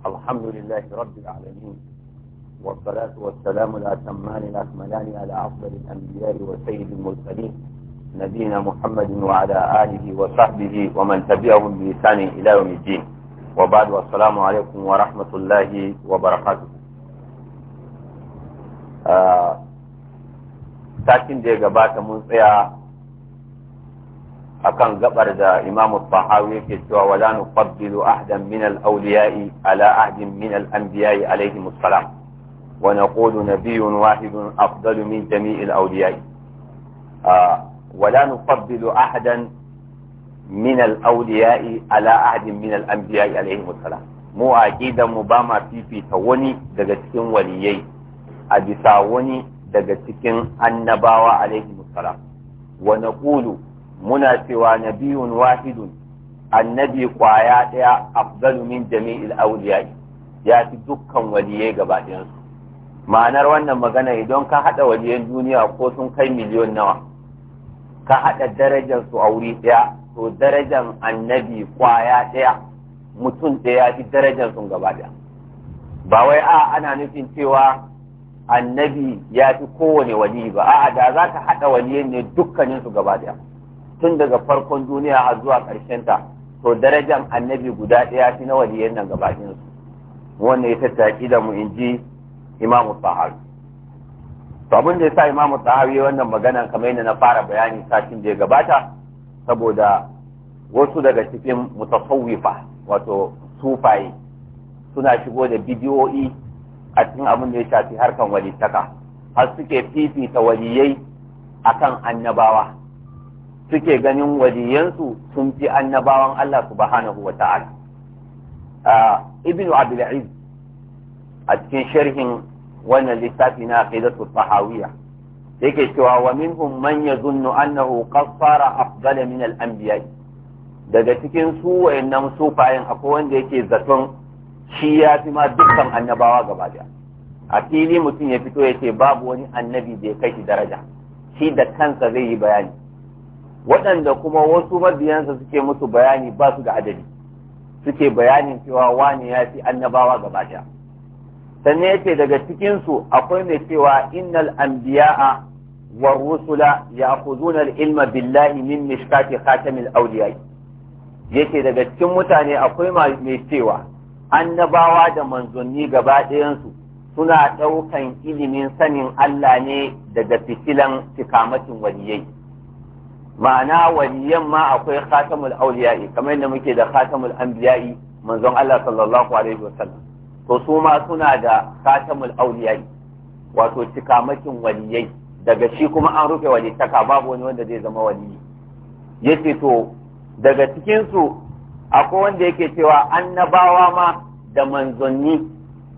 الحمد لله رب العالمين والصلاة والسلام الأتمان الأكملان على أفضل الأنبياء وسيد المرسلين نبينا محمد وعلى آله وصحبه ومن تبعهم بإحسان إلى يوم الدين وبعد والسلام عليكم ورحمة الله وبركاته آه ساكن دي غباتا من akan gabar da imamu tahawi yake cewa wala nuqabbilu ahdan min al-awliya'i ala ahdin min al-anbiya'i alayhi assalam wa naqulu nabiyyun wahidun afdalu min jami'i al-awliya'i ah, wala nuqabbilu ahdan min al-awliya'i ala ahdin min al-anbiya'i alayhi assalam mu aqidan mu ba ma fifita wani daga cikin waliyai a bisa wani daga cikin annabawa alayhi assalam wa naqulu muna cewa nabiyun wahidun annabi kwaya ɗaya, afdalu min jami'il awliya ya fi dukkan waliyai gaba ɗayansu ma'anar wannan magana idan ka haɗa waliyan duniya ko sun kai miliyon nawa ka hada darajar su a wuri daya to darajar annabi kwaya ɗaya mutum ya fi darajar sun gaba daya ba wai a ana nufin cewa annabi ya fi kowane wali ba a'a da za ka hada waliyan ne dukkaninsu gaba daya tun daga farkon duniya har zuwa ƙarshen ta to darajan annabi guda ɗaya shi na waliyan nan gabaɗin su wannan ya tattaki da mu inji Imam sahabi to abin da yasa Imam sahabi wannan magana kamar yadda na fara bayani satin da ya gabata saboda wasu daga cikin mutasawwifa wato sufaye suna shigo da bidiyoyi a cikin abin da ya shafi harkan walittaka har suke fifita waliyai akan annabawa suke ganin waliyansu sun fi annabawan Allah subhanahu wa ta'ala ah, ibnu a cikin sharhin wannan littafi na aqidatu tahawiyya yake cewa wa minhum man yazunnu annahu qaffara afdala min al-anbiya daga cikin su wayannan sufayen akwai wanda yake zaton shi ya fi ma dukkan annabawa gaba daya a fili mutum ya fito ya ce babu wani annabi da ya kai shi daraja shi da kansa zai yi bayani waɗanda kuma wasu mabiyansa suke musu bayani ba su da adadi suke bayanin cewa wani ya fi annabawa gaba ɗaya sannan ce daga cikinsu akwai mai cewa innal anbiya'a wa rusula ya'khuduna al-ilma billahi min mishkati khatamil awliya yake daga cikin mutane akwai mai cewa annabawa da manzanni gaba ɗayansu suna ɗaukan ilimin sanin Allah ne daga fitilan tikamatin waliyai ma'ana waliyan ma akwai khatamul auliya'i kamar yadda muke da khatamul anbiya'i manzon Allah sallallahu alaihi wasallam to su ma suna da khatamul auliya'i wato cikamakin waliyai daga shi kuma an rufe walitaka babu wani wanda zai zama waliyi yace to daga cikin su akwai wanda yake cewa annabawa ma da Manzonni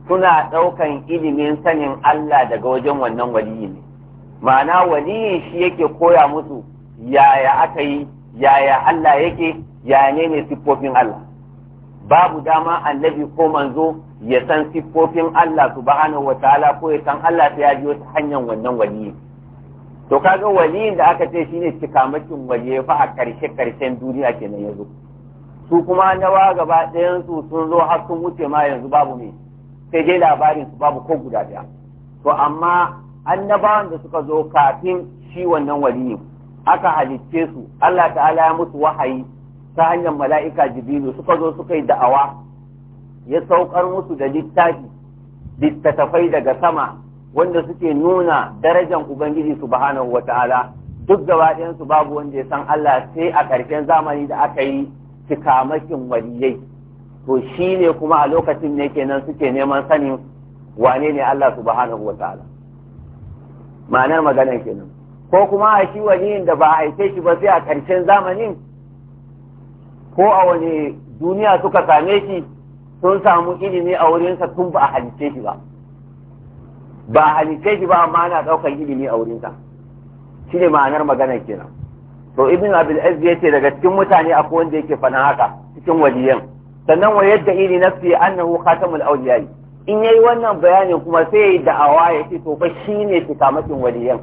suna ɗaukan ilimin sanin Allah daga wajen wannan waliyi ne ma'ana waliyin shi yake koya musu yaya aka yi yaya Allah yake ya ne siffofin Allah babu dama annabi ko manzo ya san siffofin Allah subhanahu wataala ko ya san Allah ta ya biyo ta hanyar wannan wali to kaga waliyin da aka ce shine cikamakin ya fa a karshe karshen duniya kenan yazo su kuma nawa gaba ɗayan su sun zo har sun wuce ma yanzu babu me sai dai labarin su babu ko guda ɗaya to amma annabawan da suka zo kafin shi wannan waliyin aka halicce su Allah ta'ala ya musu wahayi ta hanyar mala'ika jibrilu suka zo suka yi da'awa ya saukar musu da littafi littattafai daga sama wanda suke nuna darajar ubangiji subhanahu ta'ala duk gaba su babu wanda ya san Allah sai a ƙarshen zamani da aka yi cikamakin waliyai to shi ne kuma a lokacin ne kenan suke neman sanin wane ne Allah subhanahu ta'ala ma'anar maganar kenan ko kuma a shi wani da ba a haife shi ba sai a ƙarshen zamanin ko a wani duniya suka same shi sun samu ilimi a wurinsa tun ba a halice shi ba ba a halice shi ba amma ana ɗaukar ilimi a wurinsa shi ne ma'anar maganar kenan to ibn abil azzi yace daga cikin mutane akwai wanda yake fana haka cikin waliyan sannan wa yadda ili nafsi annahu khatamul awliya in yayi wannan bayanin kuma sai awa da'awa ce to fa shine cikamakin waliyan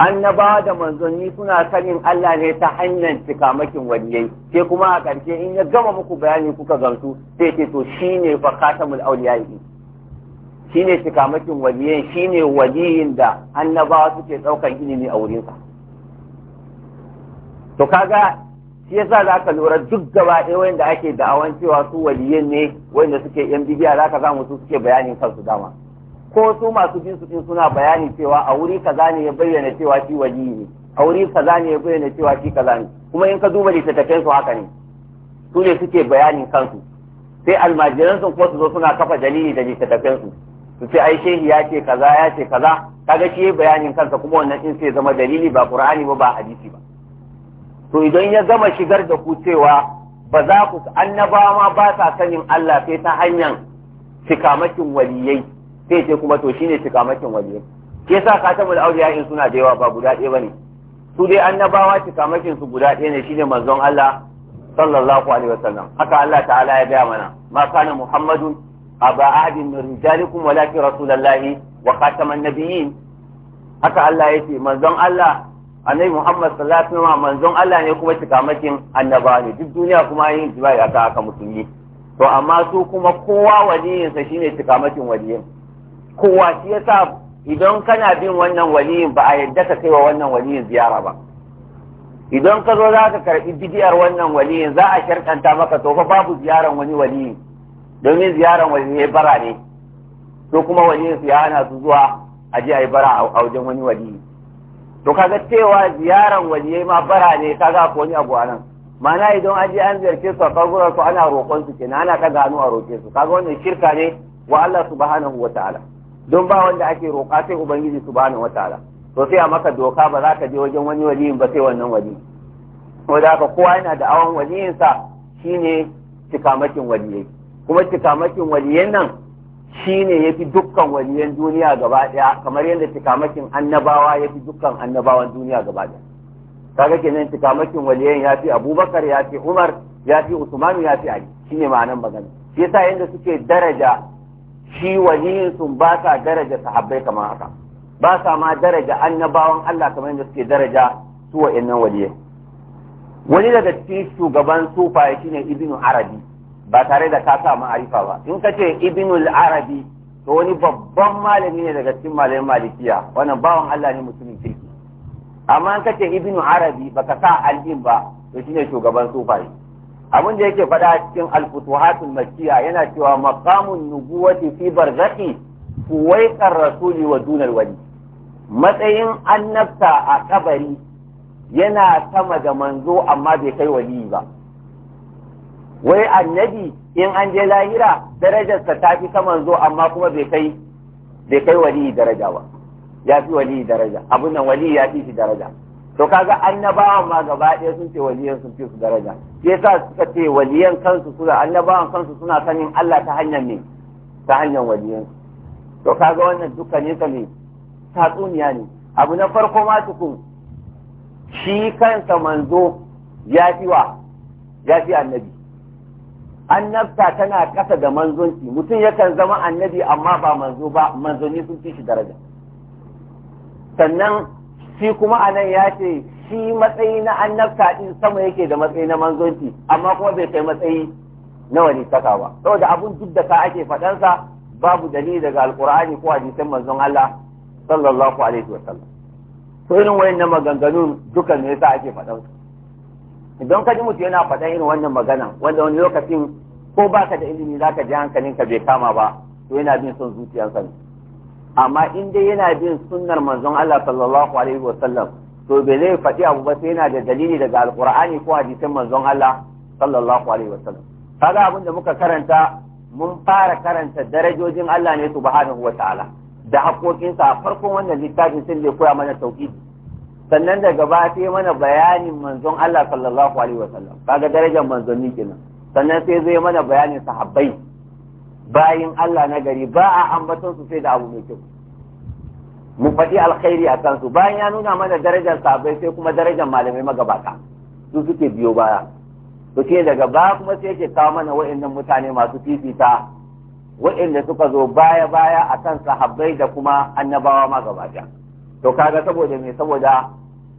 annaba da manzanni suna sanin Allah ne ta hanyar cikamakin waliyai sai kuma a ƙarshe in ya gama muku bayani kuka gamsu sai ce to shine fa khatamul awliyai shine cikamakin waliyan shine waliyin da annabawa suke ɗaukan ilimi a wurinsa to kaga shi yasa za ka lura duk gaba ɗaya wanda ake da'awan cewa su waliyan ne wanda suke yan bibiya za ka za mu su suke bayanin kansu dama ko su masu bin su din suna bayani cewa a wuri kaza ne ya bayyana cewa shi waji ne a wuri kaza ne ya bayyana cewa shi kaza ne kuma in ka duba littattafai su haka ne su ne suke bayanin kansu sai almajiran sun ko su zo suna kafa dalili da littattafan su su ce ai shehi ya ce kaza ya ce kaza kaga shi bayanin kansa kuma wannan din sai zama dalili ba qur'ani ba ba hadisi ba to idan ya gama shigar da ku cewa ba za ku annabawa ma ba sa sanin Allah sai ta hanyar shikamakin waliyai sai ce kuma to shine cikamakin waje ke yasa katamul auliya in suna da yawa ba guda ɗaya bane su dai annabawa cikamakin su guda ɗaya ne shine manzon Allah sallallahu alaihi wasallam haka Allah ta'ala ya gaya mana ma kana muhammadun aba ahadin min rijalikum walakin rasulullahi wa khataman nabiyyin haka Allah yake manzon Allah annabi Muhammad sallallahu alaihi wasallam manzon Allah ne kuma cikamakin annabawa ne duk duniya kuma yin jibai aka aka musulmi to amma su kuma kowa waliyinsa shine cikamakin waliyin kowa shi ya sa idan kana bin wannan waliyin ba a yadda ka kai wa wannan waliyin ziyara ba idan ka zo za ka karɓi bidiyar wannan waliyin za a sharkanta maka to fa babu ziyaran wani waliyin domin ziyaran ya bara ne to kuma waliyin su ya hana su zuwa a je a yi bara a wajen wani waliyi to kaga cewa ziyaran waliyai ma bara ne kaga ko wani abu anan ma'ana idan aje an ziyarce su a kaburar su ana roƙon su kenan ana ta gano a roƙe su kaga wannan shirka ne wa Allah subhanahu wa ta'ala don ba wanda ake roƙa sai ubangiji su bani wataala to sai a maka doka ba za ka je wajen wani waliyin ba sai wannan wali ko da haka kowa yana da awon waliyinsa shine cikamakin waliyai kuma cikamakin waliyan nan shine yafi dukkan waliyan duniya gaba daya kamar yadda cikamakin annabawa yafi dukkan annabawan duniya gaba daya kaga kenan cikamakin waliyan yafi abubakar yafi umar yafi usman yafi ali shine ma'anan magana shi yasa yanda suke daraja shi waliyinsu ba sa daraja sahabbai kamar haka ba sa ma daraja annabawan Allah kamar yadda suke daraja su wa'annan waliyai wani daga cikin shugaban sufaye shine ibnu arabi ba tare da ka sa ma'arifa ba in ka ce ibnu arabi to wani babban malami ne daga cikin malamin malikiya wannan bawan Allah ne mutumin kirki amma in ka ce ibnu arabi baka sa aljin ba to shine shugaban sufaye abin da yake faɗa cikin alfutuhatul makkiya yana cewa maqamun nubuwati fi barzaqi kuwaitar rasuli wa dunal wali matsayin annabta a kabari yana sama da manzo amma bai kai wali ba wai annabi in an je lahira darajarsa ta fi ta manzo amma kuma bai kai bai kai wali daraja ba ya fi wali daraja abin nan wali ya fi shi daraja to kaga annabawan ma gaba ɗaya sun ce waliyan sun fi su daraja Ke sa suka ce waliyan kansu suna annabawan kansu suna sanin Allah ta hanyar ne ta hanyar waliyan to kaga wannan ne ka ne tatsuniya ne abu na farko ma tukun shi kansa manzo ya fi wa ya fi annabi annabta tana ƙasa da manzonci mutum yakan zama annabi amma ba manzo ba manzoni sun fi shi daraja sannan shi kuma anan ya ce shi matsayi na annabta din sama yake da matsayi na manzonci amma kuma bai kai matsayi na wani saka ba saboda abun duk da ka ake faɗansa babu dalili daga alkur'ani ko hadisan manzon Allah sallallahu alaihi wasallam to irin wayannan maganganun dukan ne yasa ake faɗansu idan ka ji mutum yana faɗan irin wannan magana wanda wani lokacin ko baka da ilimi zaka ji hankalinka bai kama ba to yana bin son zuciyarsa ne amma in dai yana bin sunnar manzon Allah sallallahu alaihi wa sallam to bai zai faɗi abu ba sai yana da dalili daga alqur'ani ko hadisin manzon Allah sallallahu alaihi wa sallam kaga abin da muka karanta mun fara karanta darajojin Allah ne subhanahu wa ta'ala da haƙoƙinsa a farkon wannan littafin sun da koya mana tauhidi sannan daga ba sai mana bayanin manzon Allah sallallahu alaihi wa sallam kaga darajar manzonni kenan sannan sai zai mana bayanin sahabbai bayin Allah na gari ba a ambaton su sai da abu mai kyau mu faɗi alkhairi a kansu bayan ya nuna mana darajar sabai sai kuma darajar malamai magabata su suke biyo baya to sai daga ba kuma sai yake kawo mana wa'annan mutane masu fifita wa'anda suka zo baya baya a akan sahabbai da kuma annabawa ma to kaga saboda me saboda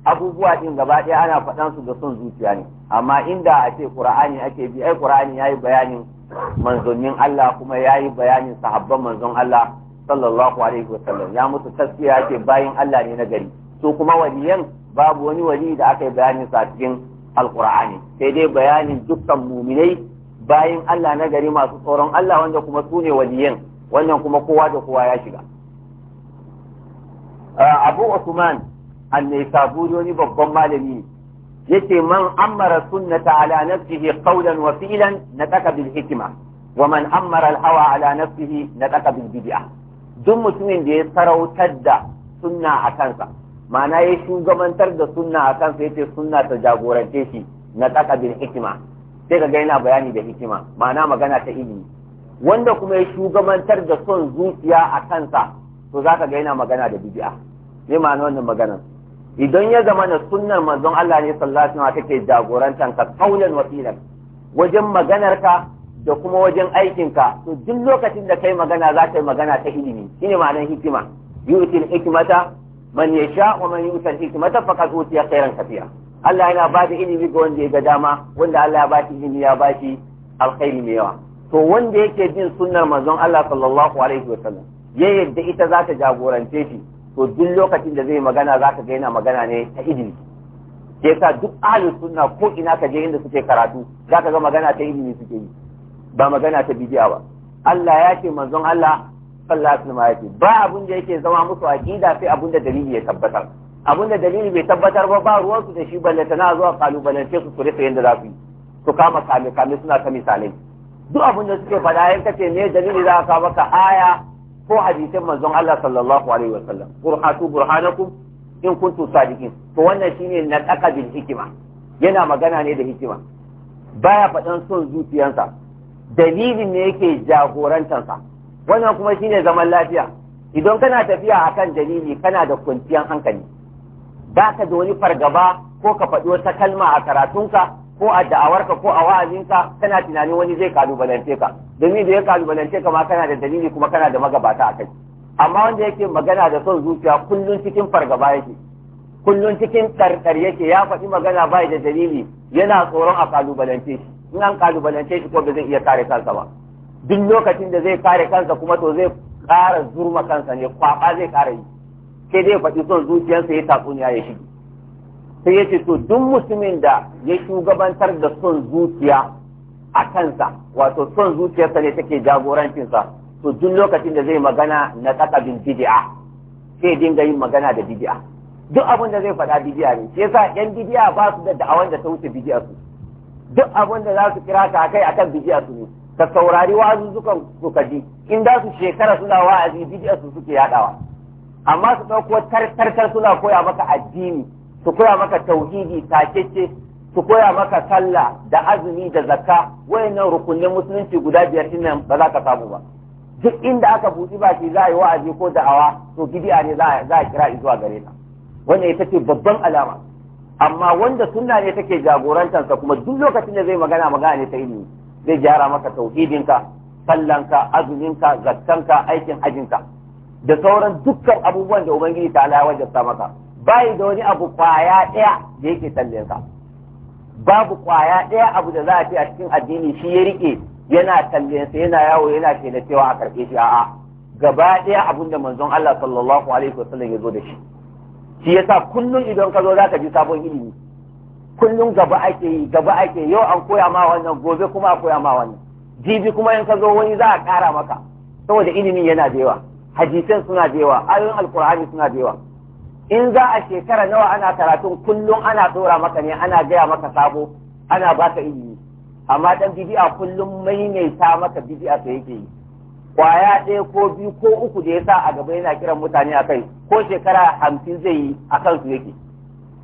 abubuwa din gaba ɗaya ana faɗan su da son zuciya ne amma inda a ce qur'ani ake bi ai ya yi bayanin manzonin Allah kuma ya yi bayanin sahabban manzon Allah sallallahu alaihi wasallam ya mutu taskiya ce bayan Allah ne na gari su kuma waliyan babu wani wali da aka yi bayanin sa cikin alqur'ani sai dai bayanin dukkan muminai bayan Allah na gari masu tsoron Allah wanda kuma su ne waliyan wannan kuma kowa da kowa ya shiga ah, Abu Usman an-Naisaburi wani babban malami ne yace man amara sunnata ala nafsihi qawlan wa fi'lan nataka bil hikma wa man amara al hawa ala nafsihi nataka bil bid'a duk mutumin da ya sarautar da sunna a kansa ma'ana ya shugabantar da sunna a kansa yace sunna ta jagorance shi nataka bil hikma sai ka gaina yana bayani da hikima ma'ana magana ta ilimi wanda kuma ya shugabantar da son zuciya a kansa to za ka ga yana magana da bid'a ne ma'ana wannan maganar idan ya zama na sunnar manzon Allah ne sallallahu alaihi take jagorantar ka kaulan wasilan wajen maganar ka da kuma wajen aikin ka to duk lokacin da kai magana za ta yi magana ta ilimi shine ma'anar hikima yu'til hikmata man yasha wa man yu'tal hikmata faqad utiya khairan kathira Allah yana ba da ilimi ga wanda ya ga dama wanda Allah ya ba shi ilimi ya ba shi alkhairi mai yawa to wanda yake bin sunnar manzon Allah sallallahu alaihi wasallam ya yadda ita za ta jagorance shi to duk lokacin da zai magana za ka ga yana magana ne ta ilimi ke sa duk ahli sunna ko ina ka je inda suke karatu za ka ga magana ta ilimi suke yi ba magana ta bidiya ba Allah ya ce manzon Allah sallallahu alaihi wasallam ya ce ba abun da yake zama musu aqida sai abun da dalili ya tabbatar abun da dalili bai tabbatar ba ba ruwan su da shi balle tana zuwa kalubalance su su rufe yanda za su yi su kama kame kame suna ta misalai duk abun da suke faɗa yanka ce me dalili za ka maka aya ko hadisin manzon Allah sallallahu alaihi wasallam burhatu burhanakum in kuntum sadiqin to wannan shine na daka hikima yana magana ne da hikima baya faɗan son zuciyarsa. dalilin ne yake jagorantansa wannan kuma shine zaman lafiya idan kana tafiya akan dalili kana da kwanciyar hankali ba ka da wani fargaba ko ka faɗi wata kalma a karatunka ko a da'awarka ko a wa'azinka kana tunanin wani zai kalubalance ka domin da ya kalubalance ka ma kana da dalili kuma kana da magabata a kai amma wanda yake magana da son zuciya kullun cikin fargaba yake kullun cikin tartar yake ya faɗi magana bai da dalili yana tsoron a kalubalance shi in an kalubalance shi ko ba zai iya kare kansa ba duk lokacin da zai kare kansa kuma to zai kara zurma kansa ne kwaɓa zai ƙara yi sai dai faɗi son zuciyarsa ya tatsuniya ya shige sai ya ce to duk musulmin da ya shugabantar da son zuciya a kansa wato son zuciyarsa ne take jagorancinsa to duk lokacin da zai magana na takabin bid'a sai dinga yin magana da bid'a duk abin da zai faɗa bid'a ne shi yasa yan bid'a ba su da da'awan da ta wuce bid'a su duk abin da za su kira ka kai akan bid'a su ne ka saurari wa'azuzzukan su ka ji in da su shekara suna wa'azi bid'a su suke yadawa amma su ɗauko tartar suna koya maka addini su koya maka tauhidi takece su koya maka sallah da azumi da zakka wayannan rukunin musulunci guda biyar din nan ba za ka samu ba duk inda aka buɗi baki za a yi wa'azi ko da'awa to bidi'a ne za a kira zuwa gare ta wannan ita ce babban alama amma wanda sunna ne take jagorantarsa kuma duk lokacin da zai magana magana ne ta ilimi zai gyara maka tauhidinka sallanka azuminka zakkanka aikin ajinka da sauran dukkan abubuwan da ubangiji ta ala wajabta maka bai da wani abu kwaya ɗaya da yake sa babu kwaya ɗaya abu da za a ce a cikin addini shi ya rike yana sa yana yawo yana ke cewa a karɓe shi a'a gaba ɗaya abin manzon Allah sallallahu alaihi wasallam ya zo da shi shi yasa kullum idan ka zo zaka ji sabon ilimi kullum gaba ake yi gaba ake yau an koya ma wannan gobe kuma a koya ma wannan jibi kuma in ka zo wani za a kara maka saboda ilimin yana da yawa hadisan suna da yawa ayoyin alkur'ani suna da yawa in za a shekara nawa ana karatun kullum ana dora maka ne ana gaya maka sabo ana baka ilimi amma dan bidi'a kullum maimaita maka bidi'a sai yake yi kwaya ɗaya ko biyu ko uku da yasa a gaba yana kiran mutane a kai ko shekara hamsin zai yi a kansu yake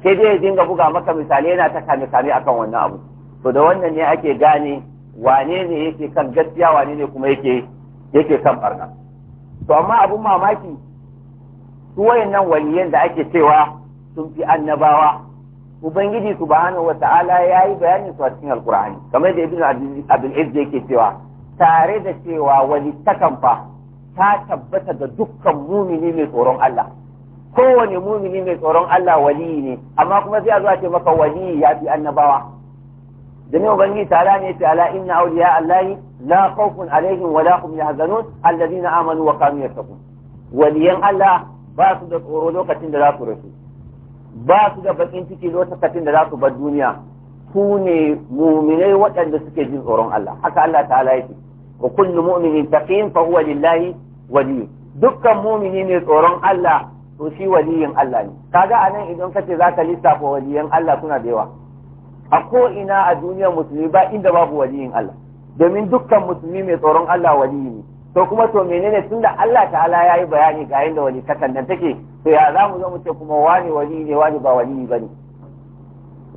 sai dai ya dinga buga maka misali yana ta kame kame akan wannan abu to da wannan ne ake gane wane ne yake kan gaskiya wane ne kuma yake yake kan barna to amma abun mamaki su wayannan waliyan da ake cewa sun fi annabawa ubangiji subhanahu wata'ala ya yi bayanin su a cikin alkur'ani kamar da ibn abdul izz yake cewa tare da cewa wani takamfa ta tabbata ga dukkan mumini mai tsoron Allah kowane mumini mai tsoron Allah waliyi ne amma kuma sai a zo a ce maka waliyi ya fi annabawa جميع بني تعالى تعالى إن أولياء الله لا خوف عليهم ولا هم amanu الذين آمنوا وكانوا يتقون Waliyan Allah. ba su da tsoro lokacin da za su rasu ba su da bakin ciki lokacin da za su bar duniya su ne muminai waɗanda suke jin tsoron Allah haka Allah ta'ala yake wa kullu mu'minin taqin fa huwa lillahi wali dukkan mumini ne tsoron Allah to shi waliyin Allah ne kaga anan idan kace zaka lissafa waliyan Allah suna da yawa a ko ina a duniyar musulmi ba inda babu waliyin Allah domin dukkan musulmi mai tsoron Allah waliyi ne to kuma to menene tunda Allah ta'ala ya yi bayani ga yadda wani nan take to ya za mu zo mu ce kuma wani wali ne wani ba wali ba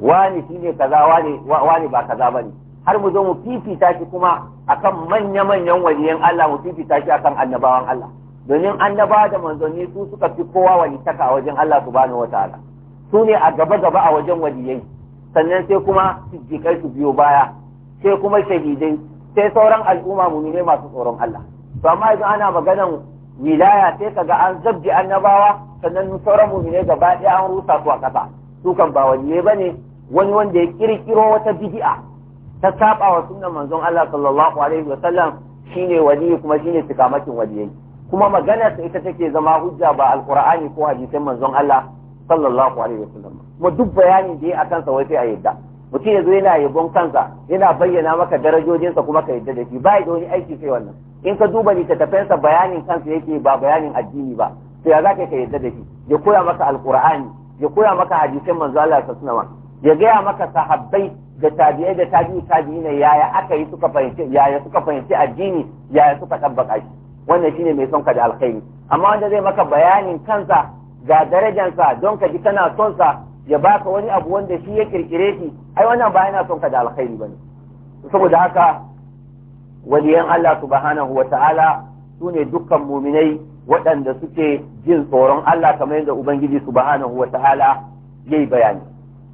wani shi kaza wani ba kaza ba har mu zo mu fifita shi kuma akan manya-manyan waliyan Allah mu fifita shi akan annabawan Allah domin annabawa da manzanni su suka fi kowa walitaka a wajen Allah subhanahu wataala su ne a gaba-gaba a wajen waliyai sannan sai kuma siddiƙai su biyo baya sai kuma shahidai sai sauran al'umma mu ne masu tsoron Allah to amma idan ana maganan wilaya sai ga an zabji annabawa sannan sauran mu'minai gaba ɗaya an rusa su a kasa su ba wani bane wani wanda ya kirkiro wata bid'a ta saba wa sunnan manzon Allah sallallahu alaihi wa sallam shine wali kuma shine tikamakin waliyai kuma magana ta ita take zama hujja ba alqur'ani ko hadisin manzon Allah sallallahu alaihi wa sallam kuma duk bayanin da ya akan sa wai sai a yadda mutum ya zo yana yabon kansa yana bayyana maka darajojinsa kuma ka yadda da shi ba da wani aiki sai wannan in ka duba ni littattafensa bayanin kansa yake ba bayanin addini ba to ya za ka yadda da shi ya koya maka alkur'ani ya koya maka hadisin manzo Allah sallallahu ya gaya maka sahabbai da tabi'ai da tabi'i ne yaya aka yi suka fahimci yaya suka fahimci addini yaya suka tabbaka shi wannan shine mai son ka da alkhairi amma wanda zai maka bayanin kansa ga darajansa don ka ji kana son sa ya baka wani abu wanda shi ya kirkire shi ai wannan ba yana son ka da alkhairi bane saboda haka waliyan Allah subhanahu wa ta'ala su ne dukkan muminai waɗanda suke jin tsoron Allah kamar yadda Ubangiji subhanahu wa ta'ala ya yi bayani.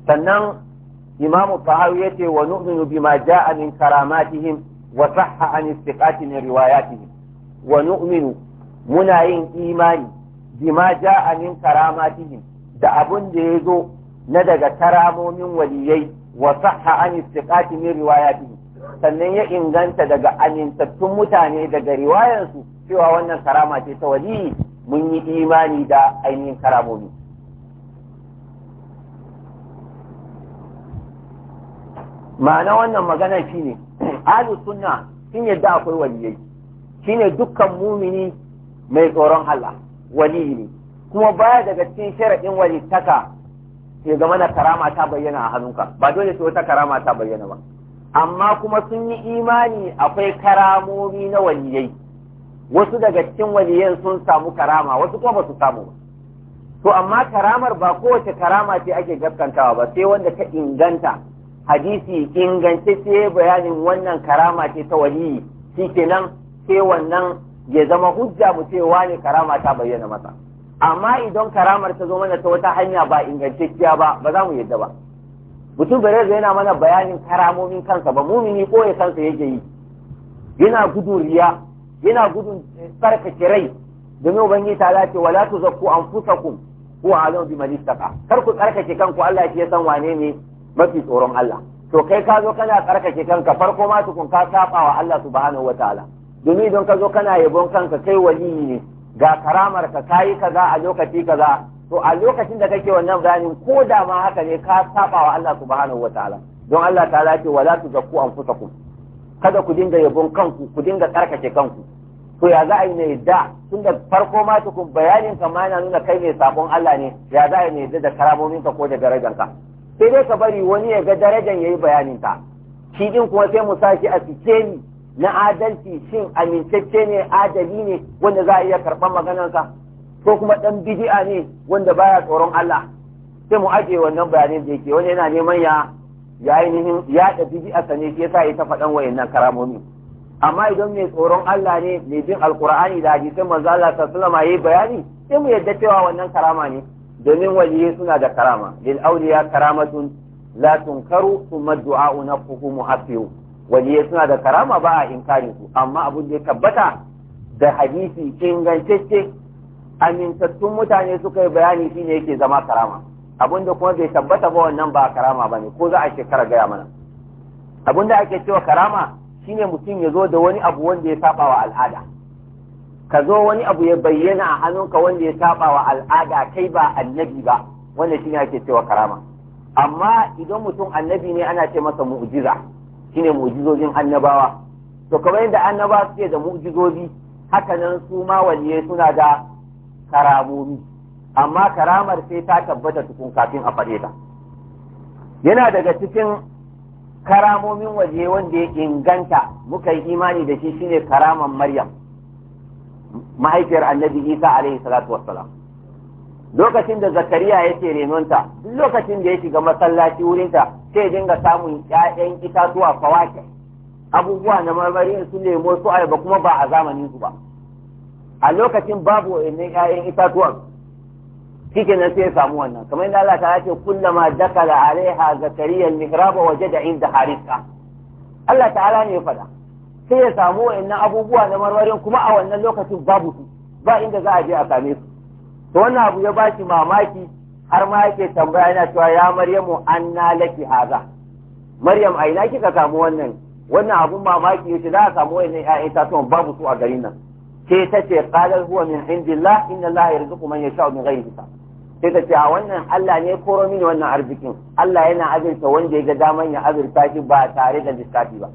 Sannan Imamu Fahawi ya ce wa nu'minu bima ja'a min karamatihim wa sahha an istiqatin riwayatihim wa nu'minu muna yin imani bima ja'a min karamatihim da abun da ya zo na daga karamomin waliyai wa sahha an istiqati min riwayatihi sannan ya inganta daga amintattun mutane daga riwayansu cewa wannan karama ce ta waliyi mun yi imani da ainihin karamomi ma'ana wannan magana shine ahlu sunna sun yadda akwai waliyai shine dukkan mumini mai tsoron Allah waliyi ne kuma baya daga cikin sharaɗin walittaka ke game da karama ta bayyana a hannunka ba dole sai wata karama ta bayyana ba amma kuma sun yi imani akwai karamomi na waliyai wasu daga cikin waliyan sun samu karama wasu kuma ba su samu ba to amma karamar ba kowace karama ce ake gaskantawa ba sai wanda ta inganta hadisi ingance ce bayanin wannan karama ce ta waliyi shikenan sai wannan ya zama hujja mu cewa ne karama ta bayyana masa amma idan karamar ta zo mana ta wata hanya ba ingantacciya ba ba za mu yadda ba mutum bare zai yana mana bayanin karamomin kansa ba mumini ko ya kansa yake yi yana gudun riya yana gudun tsarkake rai domin ubangi ta lace wala tu zakku anfusakum ko alam bi man kar ku tsarkake kanku Allah ya san wane ne mafi tsoron Allah to kai ka zo kana tsarkake kanka farko ma tukun ka saba wa Allah subhanahu wataala domin idan ka zo kana yabon kanka kai waliyi ne ga karamar ka kayi kaza a lokaci kaza to a lokacin da kake wannan bayanin ko da ma haka ne ka saba wa Allah subhanahu wataala don Allah ta'ala ce wala tuzakku anfusakum kada ku dinga yabon kanku ku dinga tsarkake kanku to ya za a yi ne da tun da farko ma tukun bayanin ka ma yana nuna kai mai sakon Allah ne ya za a yi ne da karamomin ka ko da darajar ka sai dai ka bari wani ya ga darajar yayi bayanin ta shi din kuma sai mu sa a fice ni na adalci shin amintacce ne adali ne wanda za a iya karɓar maganarsa ko kuma ɗan bidi'a ne wanda baya tsoron Allah sai mu ajiye wannan bayanin da yake wani yana neman ya ya ainihin da bidi'a sa ne yasa ya ta faɗan wayannan karamomi amma idan mai tsoron Allah ne mai bin alkur'ani da hadisin manzo Allah sallallahu alaihi bayani sai mu yadda cewa wannan karama ne domin waliyai suna da karama lil auliya karamatun la tunkaru thumma du'a nafuhu muhafiyu ya suna da karama ba a inkari su amma abin da ya tabbata da hadisi ingantacce amintattun mutane suka yi bayani shine yake zama karama abin da kuma bai tabbata ba wannan ba karama ba ne ko za a shekara gaya mana abin da ake cewa karama shine mutum ya zo da wani abu wanda ya saba wa al'ada ka zo wani abu ya bayyana a hannunka wanda ya saba wa al'ada kai ba annabi ba wanda shine ake cewa karama amma idan mutum annabi ne ana ce masa mu'jiza shine mu'jizojin annabawa to kamar yadda annabawa suke da mu'jizoji haka nan su ma waliyai suna da karamomi amma karamar sai ta tabbata tukun kafin a fare ta yana daga cikin karamomin waje wanda ya inganta muka yi imani da shi shine karaman maryam mahaifiyar annabi isa alaihi salatu wassalam lokacin da zakariya yake renonta lokacin da ya shiga masallaci wurinta sai dinga samun ƴaƴan itatuwa fawake abubuwa na marmari su lemo su ayaba kuma ba a zamanin su ba a lokacin babu wa'annan ƴaƴan itatuwan shike nan sai ya samu wannan kamar yadda Allah ta ce kullama dakala alaiha zakariya al-mihraba wajada inda harisa Allah ta'ala ne ya faɗa sai ya samu wa'annan abubuwa na marmarin kuma a wannan lokacin babu su ba inda za a je a same su to wannan abu ya bashi mamaki har ma yake tambaya yana cewa ya maryamu anna laki haza maryam a ina kika samu wannan wannan abun mamaki yace za a samu wannan ƴaƴan itatuwan babu su a garin nan Ke ta ce qala huwa min indillah inna allaha yarzuqu man yasha'u min ghayri hisab sai ta ce a wannan Allah ne koro mini wannan arzikin Allah yana azurta wanda ya ga daman ya azurta shi ba tare da lissafi ba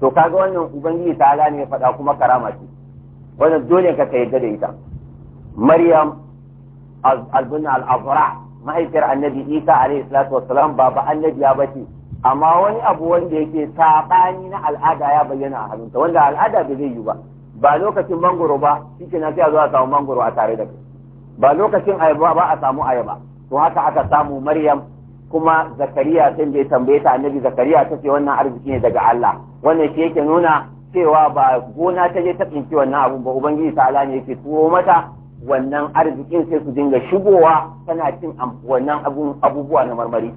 to kaga wannan ubangiji ta ne ya faɗa kuma karama ce wannan dole ka yarda da ita maryam albin al'afura mahaifiyar annabi isa alaihi salatu wassalam ba ba annabi ya bace amma wani abu wanda yake saɓani na al'ada ya bayyana a hannunta wanda al'ada ba zai yi ba ba lokacin mangoro ba shi ke sai a zo a samu mangoro a tare da kai ba lokacin ayaba ba a samu ayaba to haka aka samu maryam kuma zakariya sun bai tambaye ta annabi zakariya ta ce wannan arziki ne daga Allah wannan shi yake nuna cewa ba gona ta je ta tsinci wannan abun ba ubangiji ta ne yake turo mata wannan arzikin sai su dinga shigowa tana cin wannan abubuwa na marmari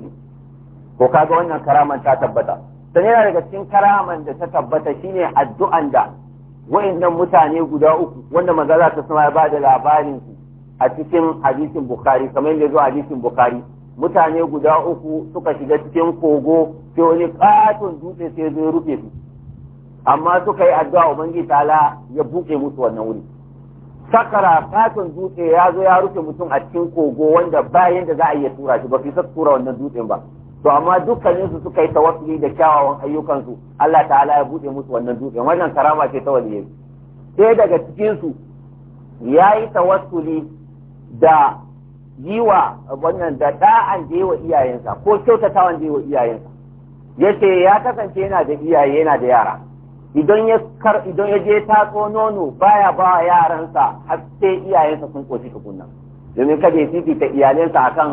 ko kaga wannan karaman ta tabbata sai yana daga cikin karaman da ta tabbata shine addu'an da wayannan mutane guda uku wanda maza za ta sama ya bada labarin su a cikin hadisin bukhari kamar yadda zo hadisin bukhari mutane guda uku suka shiga cikin kogo sai wani katon dutse sai zai rufe su amma suka yi addu'a ubangiji ta'ala ya buke musu wannan wuri sakara katon dutse ya zo ya rufe mutum a cikin kogo wanda bayan da za a iya tura shi ba fi tura wannan dutsen ba to amma dukkanin su suka yi tawassuli da kyawawan ayyukan su Allah ta'ala ya bude musu wannan dutse. wannan karama ce ta waliyyi sai daga cikin su yayi tawassuli da yiwa wannan da da'an da yawa iyayensa ko kyautatawan da yawa iyayensa yace ya kasance yana da iyaye yana da yara idan ya kar idan ya je tatso nono baya ba yaransa har sai iyayensa sun koshi tukunna domin kada ya fifita iyalensa akan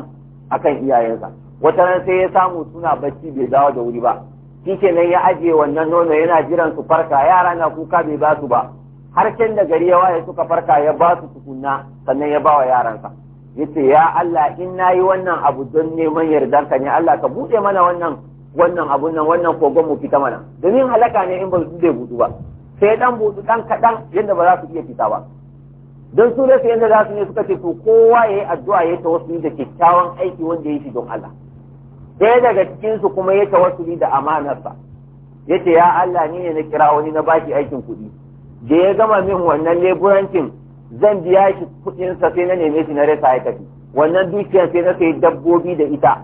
akan iyayensa wata ran sai ya samu suna bacci bai dawo da wuri ba nan ya ajiye wannan nono yana jiran su farka yara na kuka bai ba su ba har kin da gari ya waye suka farka ya ba su tukunna sannan ya ba wa yaransa yace ya Allah in nayi wannan abu don neman yardanka ne Allah ka bude mana wannan wannan abun nan wannan kogon mu fita mana domin halaka ne in ba su zai budu ba sai dan budu dan kadan yadda ba za su iya fita ba don su rasa yanda za su ne suka ce to kowa yayi addu'a yayi tawassuli da kyakkyawan aiki wanda yake shi don Allah Sai daga cikin su kuma yayi tawassuli da amanarsa yace ya Allah ni ne na kira wani na baki aikin kuɗi da ya gama min wannan leburancin zan biya shi kuɗinsa sai na neme shi na rasa ya wannan dukiyar sai na sayi dabbobi da ita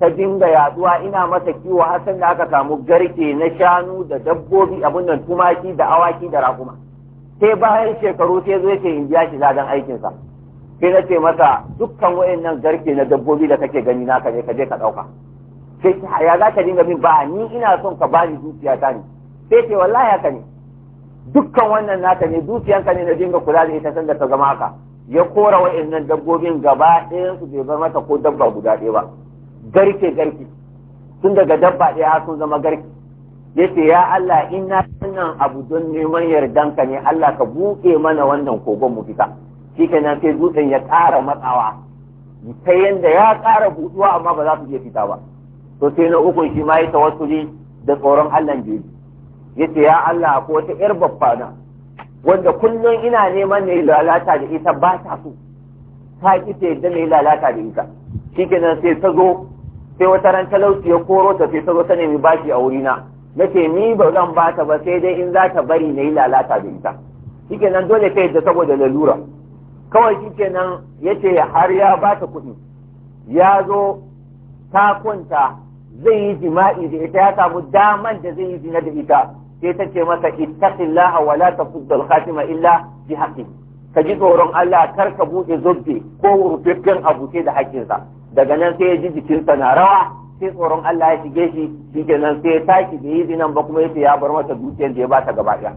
ta dinga yaduwa ina masa kiwo har da aka samu garke na shanu da dabbobi abin nan tumaki da awaki da raƙuma sai bayan shekaru sai zo ce in biya shi aikin aikinsa sai na ce masa dukkan wayannan garke na dabbobi da kake gani na kaje kaje ka ɗauka sai ce ya za ka dinga min ba ni ina son ka bani dukiya ta ne sai ce wallahi haka ne dukkan wannan naka ne dukiyanka ne na dinga kula da ita sanda ta zama haka ya kora wayannan dabbobin gaba ɗayan su bai bar mata ko dabba guda ɗaya ba garke garke tun daga dabba ɗaya sun zama garke yace ya Allah ina wannan abu don neman yardan ka ne Allah ka buɗe mana wannan kogon mu fita shikenan sai dutsen ya ƙara matsawa ta yanda ya ƙara buɗuwa amma ba za su iya fita ba to sai na uku shi ma ya tawassuli da tsoron Allah ne yace ya Allah ko wata yar babba na wanda kullum ina neman ne lalata da ita ba ta so ta ita yadda ne lalata da ita shikenan sai ta zo sai wata ran talauci ya koro ta sai ta zo ta nemi bashi a wurina Na ce ni ba zan ba ta ba sai dai in za ta bari na yi lalata da ita nan dole ta yadda saboda lalura kawai nan ya ce har ya ba ta kuɗi ya zo ta kunta zai yi jima'i da ita ya samu daman da zai yi zina da ita sai ta ce masa ittaqillaha wala tafuddal khatima illa bi haqqi ka ji tsoron Allah kar ka buɗe zobbe ko rufaffen abu sai da haƙƙinsa daga nan sai ya ji jikinsa na rawa sai tsoron Allah ya shige shi kenan sai ya tashi da yi zinan ba kuma yace ya bar mata dukiyar da ya bata gaba ɗaya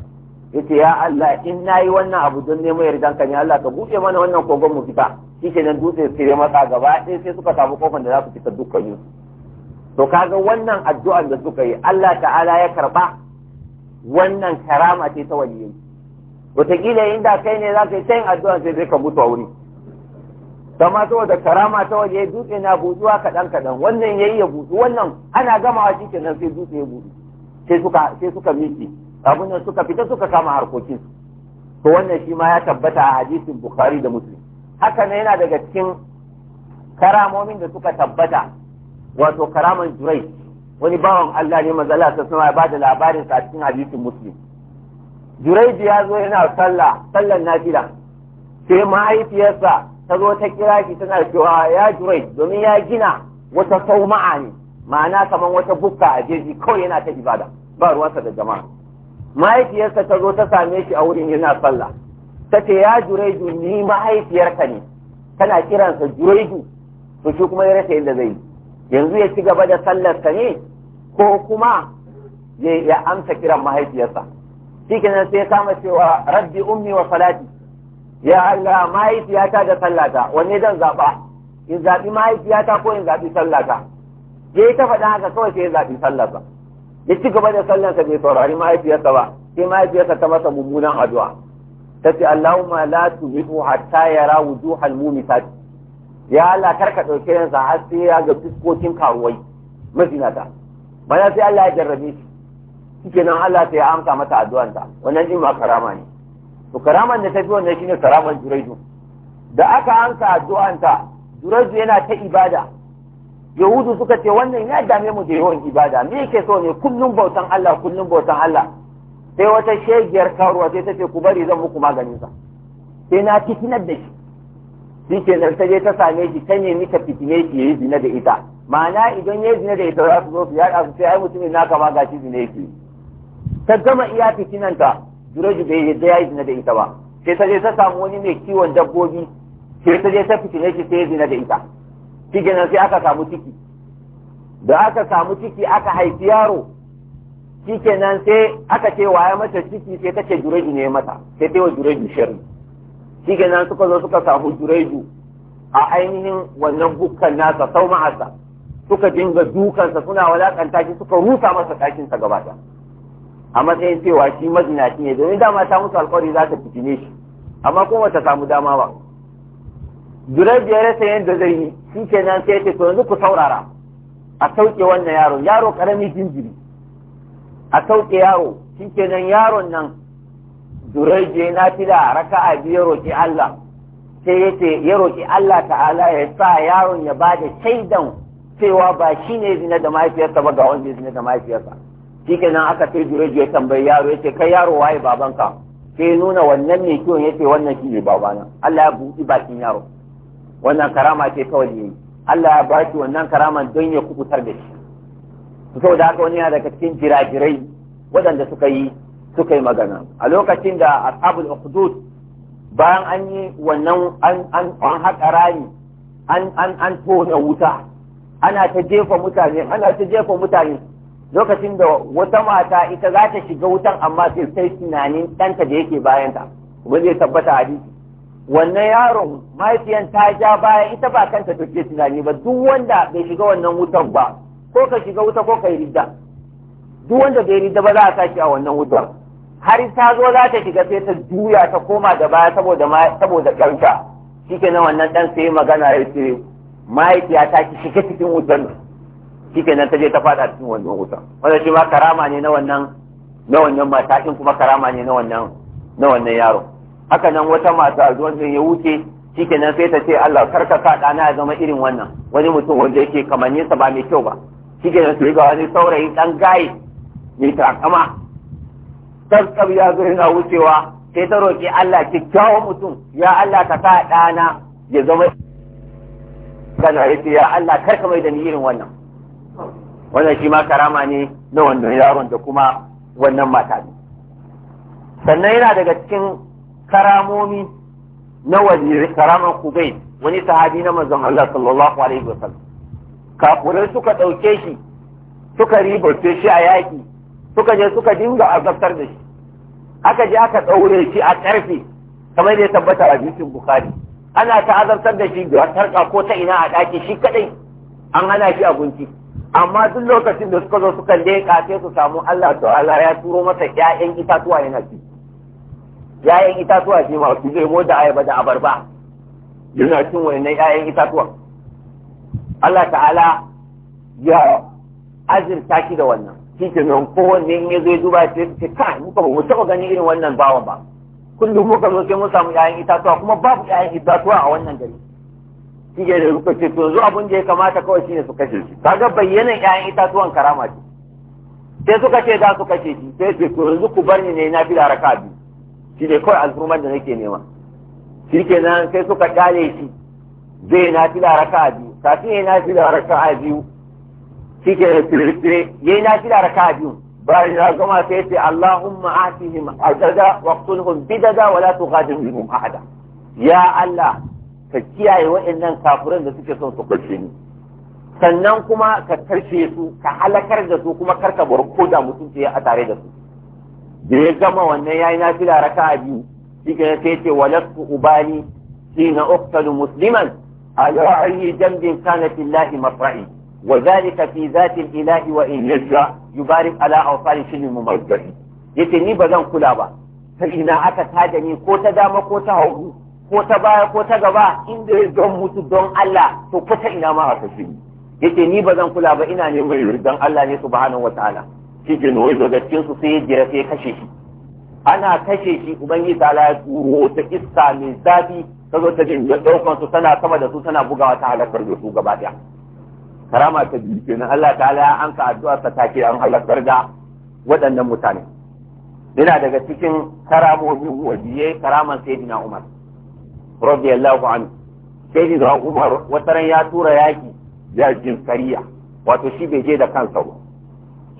yace ya Allah in nayi wannan abu don neman yardan ka ne Allah ka buɗe mana wannan kogon mu fita kenan dutse sai masa gaba ɗaya sai suka samu kofar da za su fita dukkan yi to kaga wannan addu'ar da suka yi Allah ta'ala ya karba wannan karama ce ta waliyyi wataƙila da kai ne za ka yi ta yin addu'a sai zai ka mutu a wuri kama saboda karama ta waje dutse na buɗuwa kaɗan kaɗan wannan yayi ya buɗu wannan ana gamawa shi kenan sai dutse ya buɗu sai suka sai suka suka fita suka kama harkokin to wannan shi ma ya tabbata a hadisin bukhari da muslim haka ne yana daga cikin karamomin da suka tabbata wato karaman jurai wani bawan Allah ne mazala ta sama ya bada labarin sa cikin hadisin muslim jurai ya zo yana sallah sallan nafila sai mahaifiyarsa ta zo ta kira shi tana cewa ya jurai domin ya gina wata sau ma'ani, ma'ana kamar wata bukka a jeji kawai yana ta ibada ba ruwansa da jama'a mahaifiyarsa ta zo ta same shi a wurin yana sallah ta ce ya du ni mahaifiyarka ne tana kiransa juraidu to shi kuma ya rasa yadda zai yanzu ya ci gaba da sallar sallarsa ne ko kuma ya amsa kiran mahaifiyarsa shi kenan sai ya kama cewa rabbi ummi wa salati ya Allah mahaifiyata da sallata wanne zan zaɓa in zaɓi mahaifiyata ko in zaɓi sallata ya yi ta faɗa haka kawai sai ya zaɓi sallarsa ya ci gaba da sallarsa bai saurari mahaifiyarsa ba sai mahaifiyarsa ta masa mummunan addu'a ta ce Allahumma la tuzihu hatta yara wujuhal mumisat ya Allah karka ɗauke yansa har sai ya ga fuskokin karuwai mazinata bana sai Allah ya jarrabe shi shikenan Allah sai ya amsa mata addu'anta wannan jin ma karama ne to karaman da ta fi wannan shine karaman juraidu da aka ansa addu'anta juraidu yana ta ibada yahudu suka ce wannan ya dame mu da yawan ibada me yake so ne kullum bautan Allah kullum bautan Allah sai wata shegiyar karuwa sai ta ce ku bari zan muku maganin sa sai na fitinar da shi shi ke nan ta ta same shi ta nemi ta fitine shi yayi zina da ita ma'ana idan yayi zina da ita za su zo su yaɗa su sai ai mutumin naka ma shi zina yake ta gama iya fitinanta Jureji bai yadda ya yi zina da ita ba sai ta je ta samu wani mai kiwon dabbobi sai ta je ta fitine shi sai zina da ita shi sai aka samu ciki da aka samu ciki aka haifi yaro cikin nan sai aka ce waya mata ciki sai ta ce jureji ne mata sai ta yi wa jureji shirin Cikin nan suka zo suka samu jureju a ainihin wannan bukkan nasa sau ma'asa suka dinga dukansa suna wadatanta shi suka rusa masa ɗakinsa gaba ɗaya a matsayin cewa shi mazinaci ne domin dama ta musu alkawari za ta fitine shi amma kuma ta samu dama ba durar da ya yadda zai yi shi nan sai ce to yanzu ku saurara a sauke wannan yaro yaro karami jinjiri a sauke yaro shi nan yaron nan durar da raka a raka'a biyu roƙi Allah sai ya ce ya roƙi Allah ta'ala ya sa yaron ya ba da shaidan cewa ba shi ne zina da mahaifiyarsa ba ga wanda zina da mahaifiyarsa nan aka sai jureji ya tambayi yaro ya ce, kai yaro waye babanka sai nuna wannan ne kiwon ce wannan shi ne babana Allah ya buɗi bakin yaro wannan karama ce kawai ne Allah ya baki wannan karaman don ya kubutar da shi saboda haka wani yana daga cikin jirajirai waɗanda suka yi suka yi magana a lokacin da ashabul ukhdud bayan an yi wannan an an an haƙa rami an an an tona wuta ana ta jefa mutane ana ta jefa mutane lokacin da wata mata ita za ta shiga wutan amma sai sai tunanin ɗanta da yake bayanta ba zai tabbata a jiki wannan yaron mahaifiyan ta ja baya ita ba kanta ke tunani ba duk wanda bai shiga wannan wutan ba ko ka shiga wuta ko ka yi ridda duk wanda bai ridda ba za a tashi a wannan wutan har ta zo za ta shiga sai ta juya ta koma da baya saboda saboda ƙarfa na wannan ɗan sai magana ya ce mahaifiya ta ki shiga cikin wutan nan ta je ta fada cikin wannan wuta wannan shi ma karama ne na wannan na wannan mata in kuma karama ne na wannan na wannan yaro haka nan wata mata a zuwan ya wuce nan sai ta ce Allah karka ka dana ya zama irin wannan wani mutum wanda yake kamannin sa ba mai kyau ba nan sai ga wani saurayi dan gaye mai takama tsabtsab ya zo yana wucewa sai ta roƙi Allah kyakkyawan mutum ya Allah ka sa ɗana ya zama kana yace ya Allah karka mai da ni irin wannan wannan shi ma karama ne na wannan yaron da kuma wannan mata ne sannan yana daga cikin karamomi na waziri karamar kubai wani sahabi na manzon Allah sallallahu alaihi wasallam kafurai suka ɗauke shi suka ribarce shi a yaƙi suka je suka dinga azabtar da shi aka je aka ɗaure shi a ƙarfe kamar da ya tabbata a hadisin bukhari ana ta azabtar da shi da tarka ko ta ina a ɗaki shi kadai an hana shi a gunki. amma duk lokacin da suka zo suka leƙa sai su samu Allah to Allah ya turo masa ƴaƴan itatuwa yana ci ƴaƴan itatuwa shi ma su zai moda ayaba da abarba yana cin wannan ƴaƴan itatuwa Allah ta'ala ya azirta ki da wannan shi ke nan kowanne in ya zo duba sai ce ka muka ba mu taɓa ganin irin wannan bawan ba kullum muka zo sai mun samu ƴaƴan itatuwa kuma babu ƴaƴan itatuwa a wannan gari shi da suka ce to zuwa abin da ya kamata kawai shine su kashe shi kaga bayyanan ƴaƴan itatuwan karama ce sai suka ce za su kashe shi sai ce to yanzu ku bar ni ne na fi da raka biyu shi ne kawai alfurman da nake nema shi kenan sai suka kyale shi zai na fi da raka biyu kafin ya na fi da raka biyu shi ke da tsire ya na fi da raka biyu bayan ya gama sai ce Allahumma atihim adada waqtulhum bidada wala tughadir minhum ahada ya Allah ka kiyaye waɗannan kafiran da suke son su kashe ni sannan kuma ka karshe su ka halakar da su kuma karka bar ko da mutunci a tare da su da ya gama wannan yayi na fila raka'a biyu shi ke sai ce walastu ubani shi na uktalu musliman على أي جنب كانت الله مطرعي وذلك في ذات الإله وإن يشاء يبارك على أوصال شن الممرضي yake ni ba zan kula ba ta ina aka tada ni ko ta dama ko ta hagu ko ta baya ko ta gaba inda ya don mutu don Allah to kuta ina ma a shi yake ni ba zan kula ba ina neman don Allah ne subhanahu wataala shi ke nuwai daga su sai ya jira sai kashe shi ana kashe shi ubangiji ta ya turo ta iska mai zafi ta zo ta jin daukan su tana sama da su tana bugawa ta halakar da su gaba daya karama ta biyu kenan Allah ta'ala ya anka addu'ar ta take an halakar da waɗannan mutane yana daga cikin karamomin waliyai karaman sayyidina Umar radiyallahu an sai ni da Umar wata ran ya tura yaki ya sariya wato shi bai je da kansa ba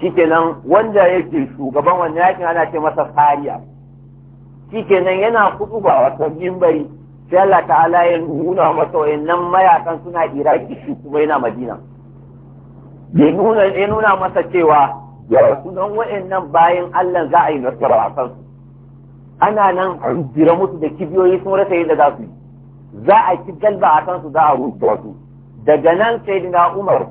shikenan wanda yake shugaban wannan yakin ana ce masa kariya shikenan yana ba wato mimbari sai Allah ta'ala ya nuna masa wayannan mayakan suna Iraki shi kuma yana Madina ya nuna masa cewa ya don wayannan bayan Allah za a yi nasara a kansu ana nan jira musu da kibiyoyi sun rasa yadda za su yi za a ci galba a kansu za a rubuta wasu daga nan sai na umar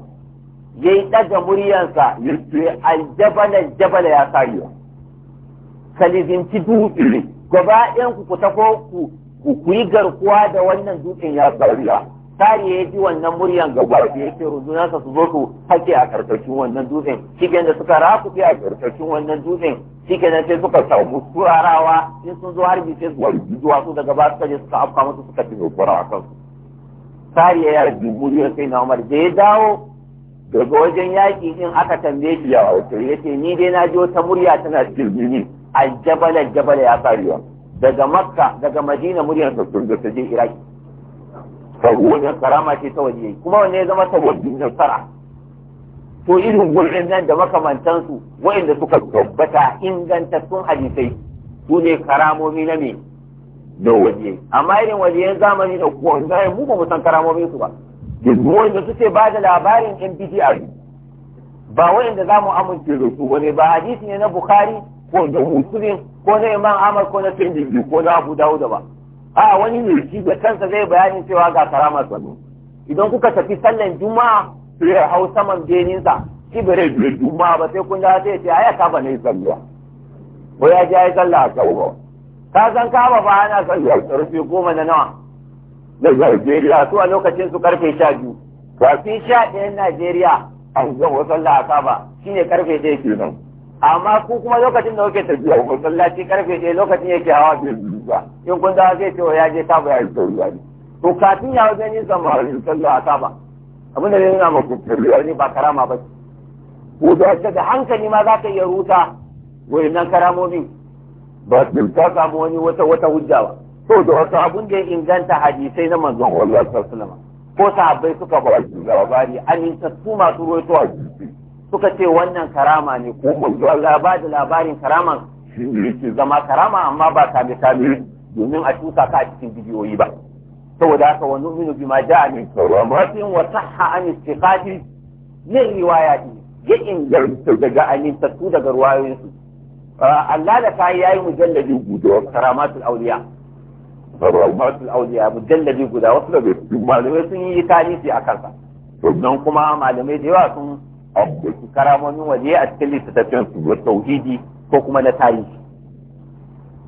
ya yi ɗaga muryansa ya aljabala jabala ya sariya kalizinci dutse gaba ɗayan ku ku ku ku yi garkuwa da wannan dutsen ya yiwa tari ya ji wannan muryan gaba da ya ce rundunansa su zo su hake a karkashin wannan dutsen cikin da suka rakuɗe a karkashin wannan dutsen cikin da sai suka samu turarawa in sun zo harbi sai su warbi zuwa su daga ba suka je suka afka musu suka fi gobara a kansu tari ya yarda muryan sai na umar da ya dawo daga wajen yaƙi in aka tambaye shi ya wato ya ce ni dai na ji wata murya tana jirgin jabalar jabala ya fariwa daga makka daga madina muryar sun da su je iraki wannan karama ce ta waje kuma wanne ya zama tawaddin nasara to irin gurbin nan da makamantansu waɗanda suka tabbata ingantattun hadisai su ne karamomi na me da waje amma irin wajen zamani da kowanne mu ba mu san karamomin su ba wanda suke ba da labarin NPTR ba waɗanda za mu amince da su wani ba hadisi ne na Bukhari ko da Muslim ko na Imam Ahmad ko na Tirmidhi ko na Abu Dawud ba a wani ne shi da kansa zai bayanin cewa ga karamar sanu idan kuka tafi sallan juma'a sai hau saman beninsa shi bare juma'a ba sai kun da zai ce aya kafa ne sallah ko ya ji ai sallah ka ba ka san ka ba ba ana sallah karfe goma na nawa da Najeriya su a lokacin su karfe sha biyu kafin sha ɗayan Najeriya an zama sallah ka ba shine karfe ɗaya kenan amma ku kuma lokacin da kuke tafiya ku sallaci karfe ɗaya lokacin yake hawa bai zuwa in kun dawo zai ce ya je saba ya yi ruwa ne to kafin ya wajen yin samarin sallah a saba abinda ne nuna ma ruwa ne ba karama ba ko da daga hankali ma za ka iya ruta nan karamomi ba su ta samu wani wata wata hujja ba to da wasu abun da ya inganta hadisai na manzon Allah sallallahu alaihi wasallam ko sahabbai suka ba labari an yi tattu masu ruwaito a jiki suka ce wannan karama ne ko ba da labarin karaman zama karama amma ba kame kame domin a tuka ka a cikin bidiyoyi ba saboda haka wa bi ma ja'a min rabbin wa sahha an istiqati min riwayati ya inganta daga amintattu daga ruwayoyinsu Allah da kai yayi mujalladi guda karamatul awliya karamatul awliya mujalladi guda wasu da malamai sun yi tarihi a kansa don kuma malamai da yawa sun karamomin waje a cikin littattafin su ga tauhidi ko kuma na tarihi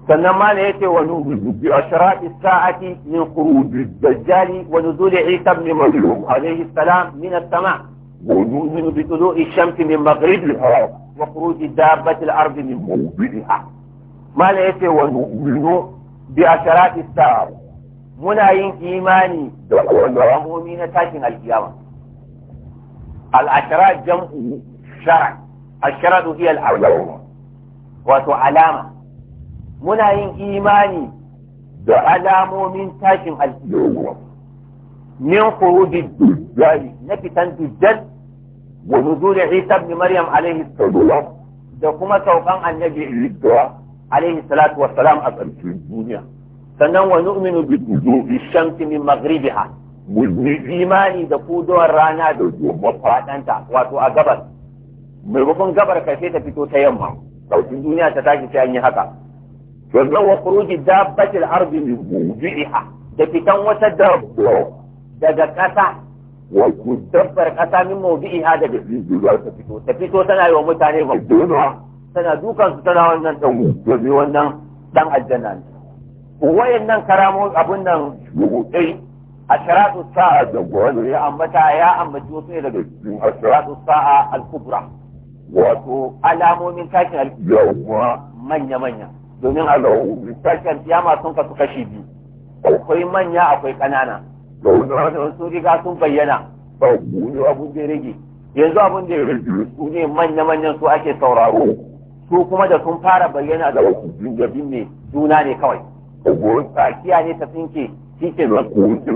sannan ma ne yake wani nuhu bi ashrati sa'ati min khuruj dajjali wa nuzul isa ibn maryam alayhi salam min as-sama' wa nuzul bi tulu'i ash-shamsi min maghrib al-hawa wa khuruj dabbat al-ard min mawdi'iha ma ne yake wani nu'minu bi ashrati sa'a muna yin imani da wannan na tashin alkiyama العشرات جمع شرع الشرات هي الأولى وتو علامة منى إيماني علامة من تاشم الإيمان من خروج الدجال نكتا دجال ونزول عيسى بن مريم عليه السلام دقوم توقان النبي عيسى عليه الصلاة والسلام أصلا في الدنيا سنن ونؤمن بالنزول الشمس من مغربها imani da kuduwar rana da mafaɗanta wato a gabar maimakon gabar ka ta fito ta yamma sautin duniya ta tashi sai an yi haka yanzu wa kuruji dabbatil ardi ju'iha da fitan wata dabba daga ƙasa dabbar ƙasa min mawdi'iha daga ta fito ta fito tana yi wa mutane ba tana dukan su tana wannan dan wannan dan aljanna wayannan karamo abun nan ashratu sa'a da gwani ya ambata ya ambaci wasu daga cikin ashratu sa'a al-kubra wato alamomin tashin al manya manya domin alamomin tashin kiyama sun kasu biyu akwai manya akwai kanana sun riga sun bayyana abun da ya yanzu abun da ya rage su ne manya manyan su ake sauraro oh. su kuma da sun fara bayyana da wasu ne juna ne kawai tsakiya ne ta tsinke shi ke da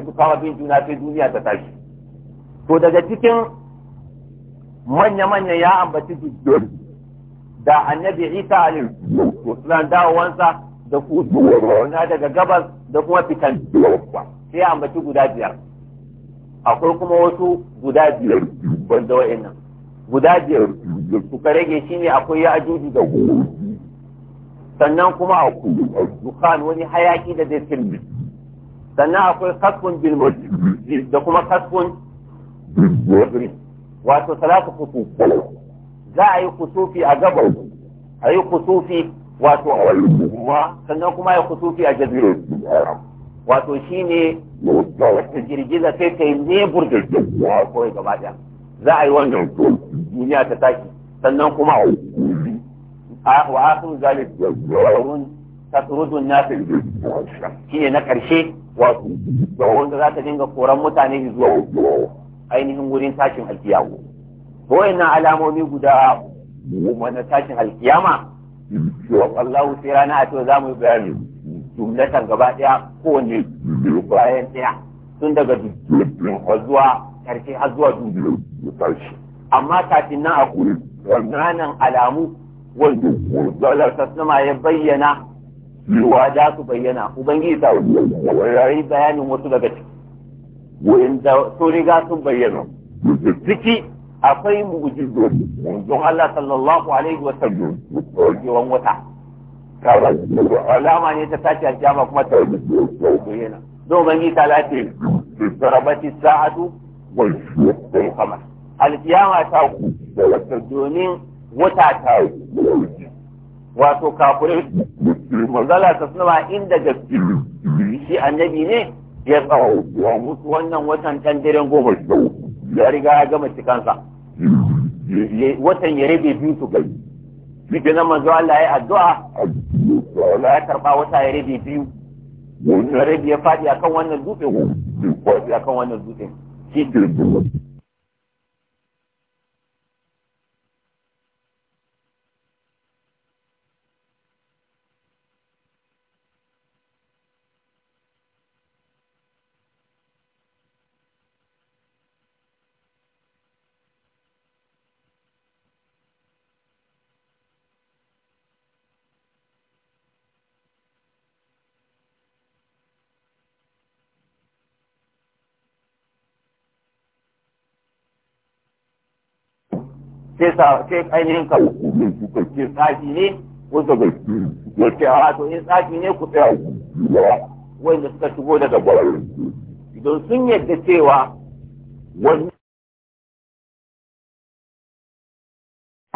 ku fara bin juna sai duniya ta tashi to daga cikin manya-manya ya ambaci da annabi isa alim sunan dawowansa da ku na daga gabas da kuma fitan sai ya ambaci guda biyar akwai kuma wasu guda biyar wanda wa'annan guda biyar suka rage shi ne akwai ya ajuji da sannan kuma a dukkan wani hayaki da zai filmi sannan akwai kaskun bil da kuma kaskun wato salatu kusu za a yi kusufi a gabar a yi kusufi wato a wa sannan kuma ya kusufi a jazirin wato shi shine wata girgiza sai ta yi nebur da kawai gaba da za a yi wannan duniya ta tashi sannan kuma wa akhir zalik tasrudun nafil shine na ƙarshe, wato wanda za ta dinga koran mutane zuwa ainihin wurin tashin alkiyama wayannan alamomi guda kuma na tashin alkiyama wallahu sai rana a to zamu bayani jumlatan gaba daya kowanne bayan ɗaya. tun daga zuwa karshe har zuwa dubu amma kafin nan a ranar alamu wanda zalar ya bayyana wa za su bayyana ubangiji ta wurare bayanin wasu daga ciki wanda sun riga sun bayyana ciki akwai mu'jizo don Allah sallallahu alaihi wa sallam yawan wata alama ne ta tashi aljama kuma ta bayyana don ubangiji ta lati sarabati sa'atu wal qamar alkiyama ta domin wata ta wato kafirai manzala ta suna inda gaske shi annabi ne ya tsawo wa musu wannan watan can daren goma ya riga ya gama cikansa watan ya rabe biyu su gari Bikin nan manzo Allah ya addu'a Allah ya karba wata ya rabe biyu wani rabe ya faɗi akan wannan dutse ko akan wannan dutse shi sai sa sai ainihin ka ki tsafi ne wanda ga ya ce a to in tsafi ne ku tsaya wanda suka shigo daga gwaro idan sun yadda cewa wani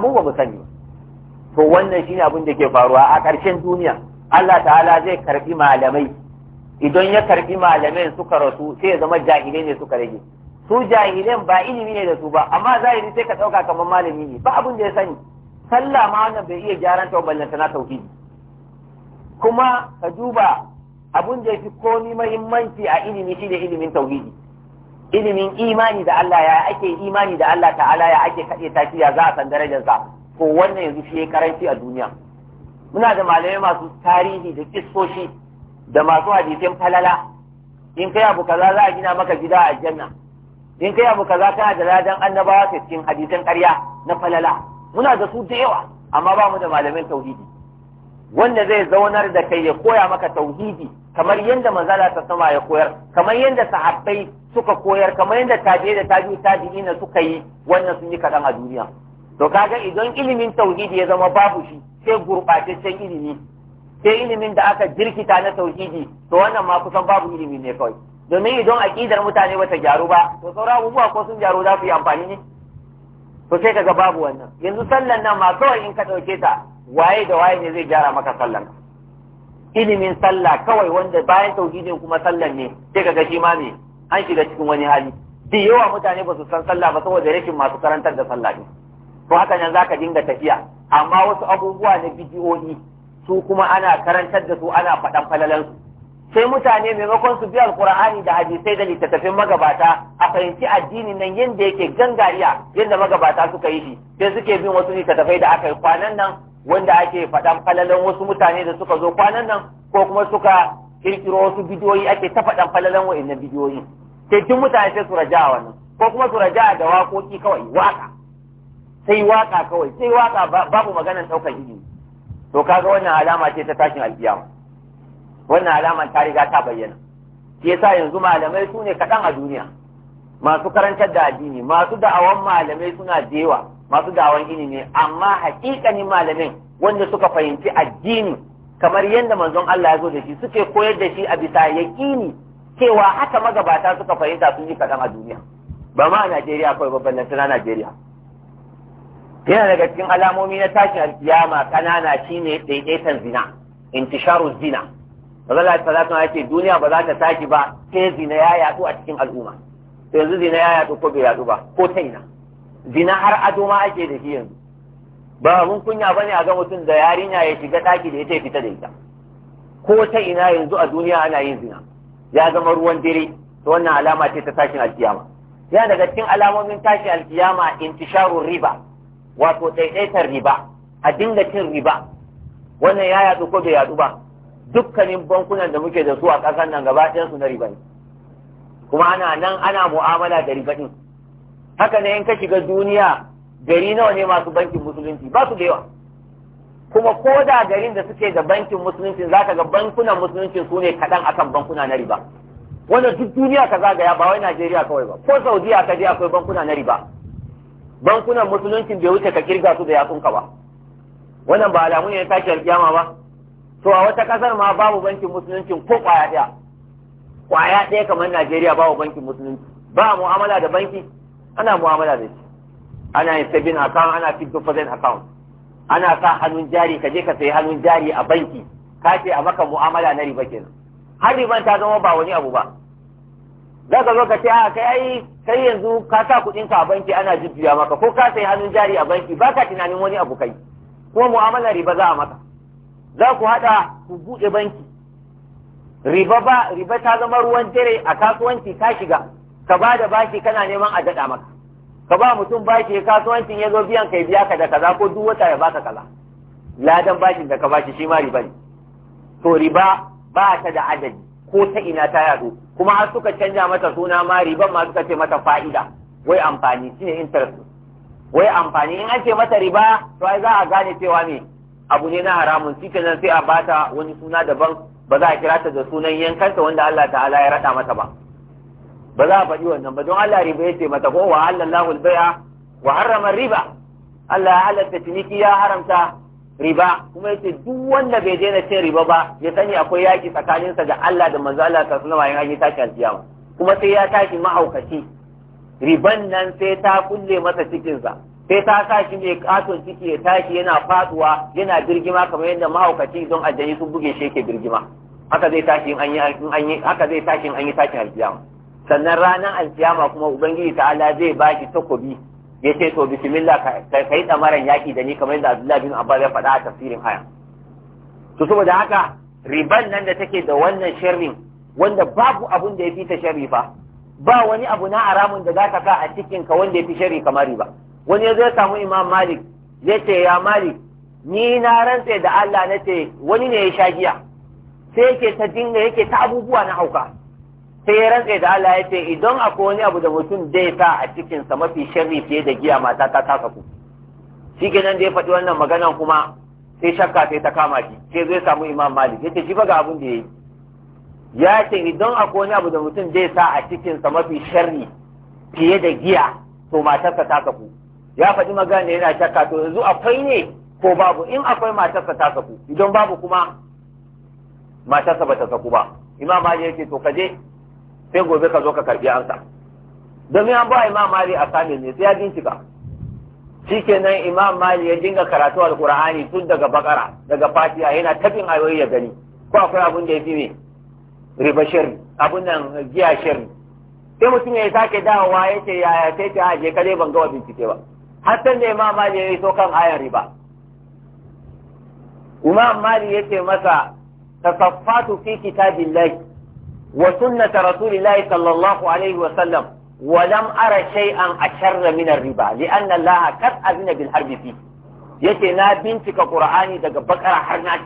mu ba mu sani to wannan shine abin da ke faruwa a ƙarshen duniya Allah ta'ala zai karbi malamai idan ya karbi malamai suka rasu sai ya zama jahilai ne suka rage su jahilan ba ilimi ne da su ba amma zahiri sai ka ɗauka kamar malami ne ba abin da ya sani sallah ma wannan bai iya gyaran ta ballanta na tauhidi kuma ka duba abin da ya fi komi mahimmanci a ilimi shi ne ilimin tauhidi ilimin imani da Allah ya ake imani da Allah ta'ala ya ake kaɗe ta ya za a san darajarsa ko wannan yanzu shi karanci a duniya muna da malamai masu tarihi da kiskoshi da masu hadisin falala in kai abu kaza za a gina maka gida a janna in kai abu kaza kana da ladan annabawa ta cikin hadisan ƙarya na falala muna da su da yawa amma ba mu da malamin tauhidi wanda zai zaunar da kai ya koya maka tauhidi kamar yadda manzala ta sama ya koyar kamar yadda sahabbai suka koyar kamar yadda tabi'i da tabi'i tabi'i na suka yi wannan sun yi kaɗan a duniya to kaga idan ilimin tauhidi ya zama babu shi sai gurɓataccen ilimi sai ilimin da aka jirkita na tauhidi to wannan ma kusan babu ilimi ne kawai domin idan aƙidar mutane bata gyaru ba to sauran abubuwa ko sun gyaru za su yi amfani ne to sai kaga babu wannan yanzu sallan nan ma kawai in ka ɗauke ta waye da waye ne zai gyara maka sallan ilimin sallah kawai wanda bayan tauhidin kuma sallan ne sai kaga shi ma me an shiga cikin wani hali da yawa mutane ba su san sallah ba saboda rashin masu karantar da sallah ne to haka nan zaka dinga tafiya amma wasu abubuwa na bidiyoyi su kuma ana karantar da su ana faɗan falalansu sai mutane maimakon su bi alkur'ani da hadisai da littattafin magabata a fahimci addini nan yadda yake gangariya yadda magabata suka yi shi sai suke bin wasu littattafai da aka yi kwanan nan wanda ake faɗan falalan wasu mutane da suka zo kwanan nan ko kuma suka kirkiro wasu bidiyoyi ake ta faɗan falalan wa'annan bidiyoyi sai duk mutane sai su raja wannan ko kuma su raja da waƙoƙi kawai waƙa sai waƙa kawai sai waƙa babu maganar ɗaukar ilimi to kaga wannan alama ce ta tashin alƙiyama wannan alaman ta riga ta bayyana shi yasa yanzu malamai su ne kaɗan a duniya masu karantar da addini masu da'awan malamai suna da masu da'awan ilimi amma haƙiƙanin malamin wanda suka fahimci addini kamar yadda manzon Allah ya zo da shi suke koyar da shi a bisa yaƙini cewa haka magabata suka fahimta sun yi kaɗan a duniya ba ma a Najeriya kawai babban lantana Najeriya yana daga cikin alamomi na tashin alkiyama kanana shine daidaitan zina intisharu zina Allah sallallahu alaihi ce duniya ba za ta tashi ba sai zina ya yadu a cikin al'umma to yanzu zina ya yadu ko bai yadu ba ko ta ina zina har ado ma ake da shi yanzu ba mun kunya ba ne a ga mutum da yarinya ya shiga daki da ya ce fita da ita ko ta ina yanzu a duniya ana yin zina ya zama ruwan dare to wannan alama ce ta tashin alkiyama ya daga cikin alamomin tashin alkiyama intisharun riba wato ɗaiɗaitar riba a dinga cin riba wannan ya yadu ko bai yadu ba dukkanin bankunan da muke da su a ƙasar nan gaba ɗayan su na riba ne kuma ana nan ana mu'amala da riba din haka ne in ka shiga duniya gari nawa ne masu bankin musulunci ba su da yawa kuma ko da garin da suke da bankin musulunci za ka ga bankunan musulunci su ne kaɗan akan bankuna na riba wanda duk duniya ka zagaya ba wai Najeriya kawai ba ko Saudiya ka je akwai bankuna na riba bankunan musulunci bai wuce ka kirga su da yatsunka ba wannan ba alamu ne ya tashi alkiyama ba to a wata kasar ma babu bankin musulunci ko kwaya ɗaya kwaya ɗaya kamar Najeriya babu bankin musulunci ba mu'amala da banki ana mu'amala da shi ana yin saving account ana fito deposit account ana sa hannun jari ka je ka sayi hannun jari a banki ka ce a maka mu'amala na riba kenan har riban ta zama ba wani abu ba za ka zo ka ce a kai ai kai yanzu ka sa kuɗin ka a banki ana jujjuya maka ko ka sayi hannun jari a banki ba ka tunanin wani abu kai kuma mu'amala riba za a maka za ku haɗa ku buɗe banki riba ba riba ta zama ruwan dare a kasuwanci ta shiga ka ba da bashi kana neman a daɗa maka ka ba mutum bashi ya kasuwancin ya zo biyan kai biya ka da kaza ko duk wata ya baka kaza ladan bashin da ka bashi shi ma riba ne to riba ba ta da adadi ko ta ina ta yaro kuma har suka canja mata suna ma riban ma suka ce mata fa'ida wai amfani shine interest wai amfani in an ce mata riba to ai za a gane cewa me abu ne na haramun shi kenan sai a bata wani suna daban ba za a kira ta da sunan yankanta wanda Allah ta'ala ya rada mata ba ba za a faɗi wannan ba don Allah riba ya ce mata ko wa halallahu al wa harrama riba Allah ya halatta ciniki ya haramta riba kuma yace duk wanda bai daina cin riba ba ya sani akwai yaki tsakaninsa da Allah da manzo Allah ta sunna bayan yi tashi alkiyama kuma sai ya tashi mahaukaci riban nan sai ta kulle masa cikinsa sai ta sa shi mai katon ciki ya tashi yana faduwa yana birgima kamar yadda mahaukaci don aljani sun buge shi yake birgima haka zai tashi in an yi haka zai tashi in an yi tashin alkiyama sannan ranar alkiyama kuma ubangiji ta'ala zai bashi takobi ya ce to bismillah ka yi tsamaran yaki da ni kamar yadda abdullahi bin abbas ya faɗa a tafsirin haya to saboda haka riban nan da take da wannan sharrin wanda babu abun da ya fi ta sharri fa ba wani abu na haramun da za ka sa a cikin ka wanda ya fi sharri kamar riba wani ya zo ya samu imam malik zai ce ya malik ni na rantse da Allah na ce wani ne ya sha giya sai yake ta dinga yake ta abubuwa na hauka sai ya rantse da Allah ya ce idan akwai wani abu da mutum zai sa a cikinsa mafi sharri fiye da giya mata ta kasa ku shi kenan da ya faɗi wannan maganan kuma sai shakka sai ta kama shi sai zai samu imam malik yace shi ba ga abin da yayi ya ce idan akwai wani abu da mutum zai sa a cikinsa mafi sharri fiye da giya to matarsa ta kafu ya faɗi magana yana shakka to yanzu akwai ne ko babu in akwai matarsa ta saku idan babu kuma matarsa ba ta saku ba imam ali yake to ka je sai gobe ka zo ka karbi ansa domin an ba imam mali a sami ne sai ya bincika shikenan imam mali ya dinga karatu alqur'ani tun daga bakara daga fatiha yana tafin ayoyi ya gani ko akwai abun da ya fi ne riba shirri abun nan giya shirri sai mutum ya sake dawowa yake yaya sai ta aje kare ban gawa bincike ba hatta ne ma mali ya yi so kan ayar riba imam mali ya ce masa tasaffatu fi kitabillahi wa sunnata rasulillahi sallallahu alaihi wa sallam wa lam ara shay'an asharra min riba li'anna allaha kad azina bil harbi fi yace na bincika qur'ani daga bakara har na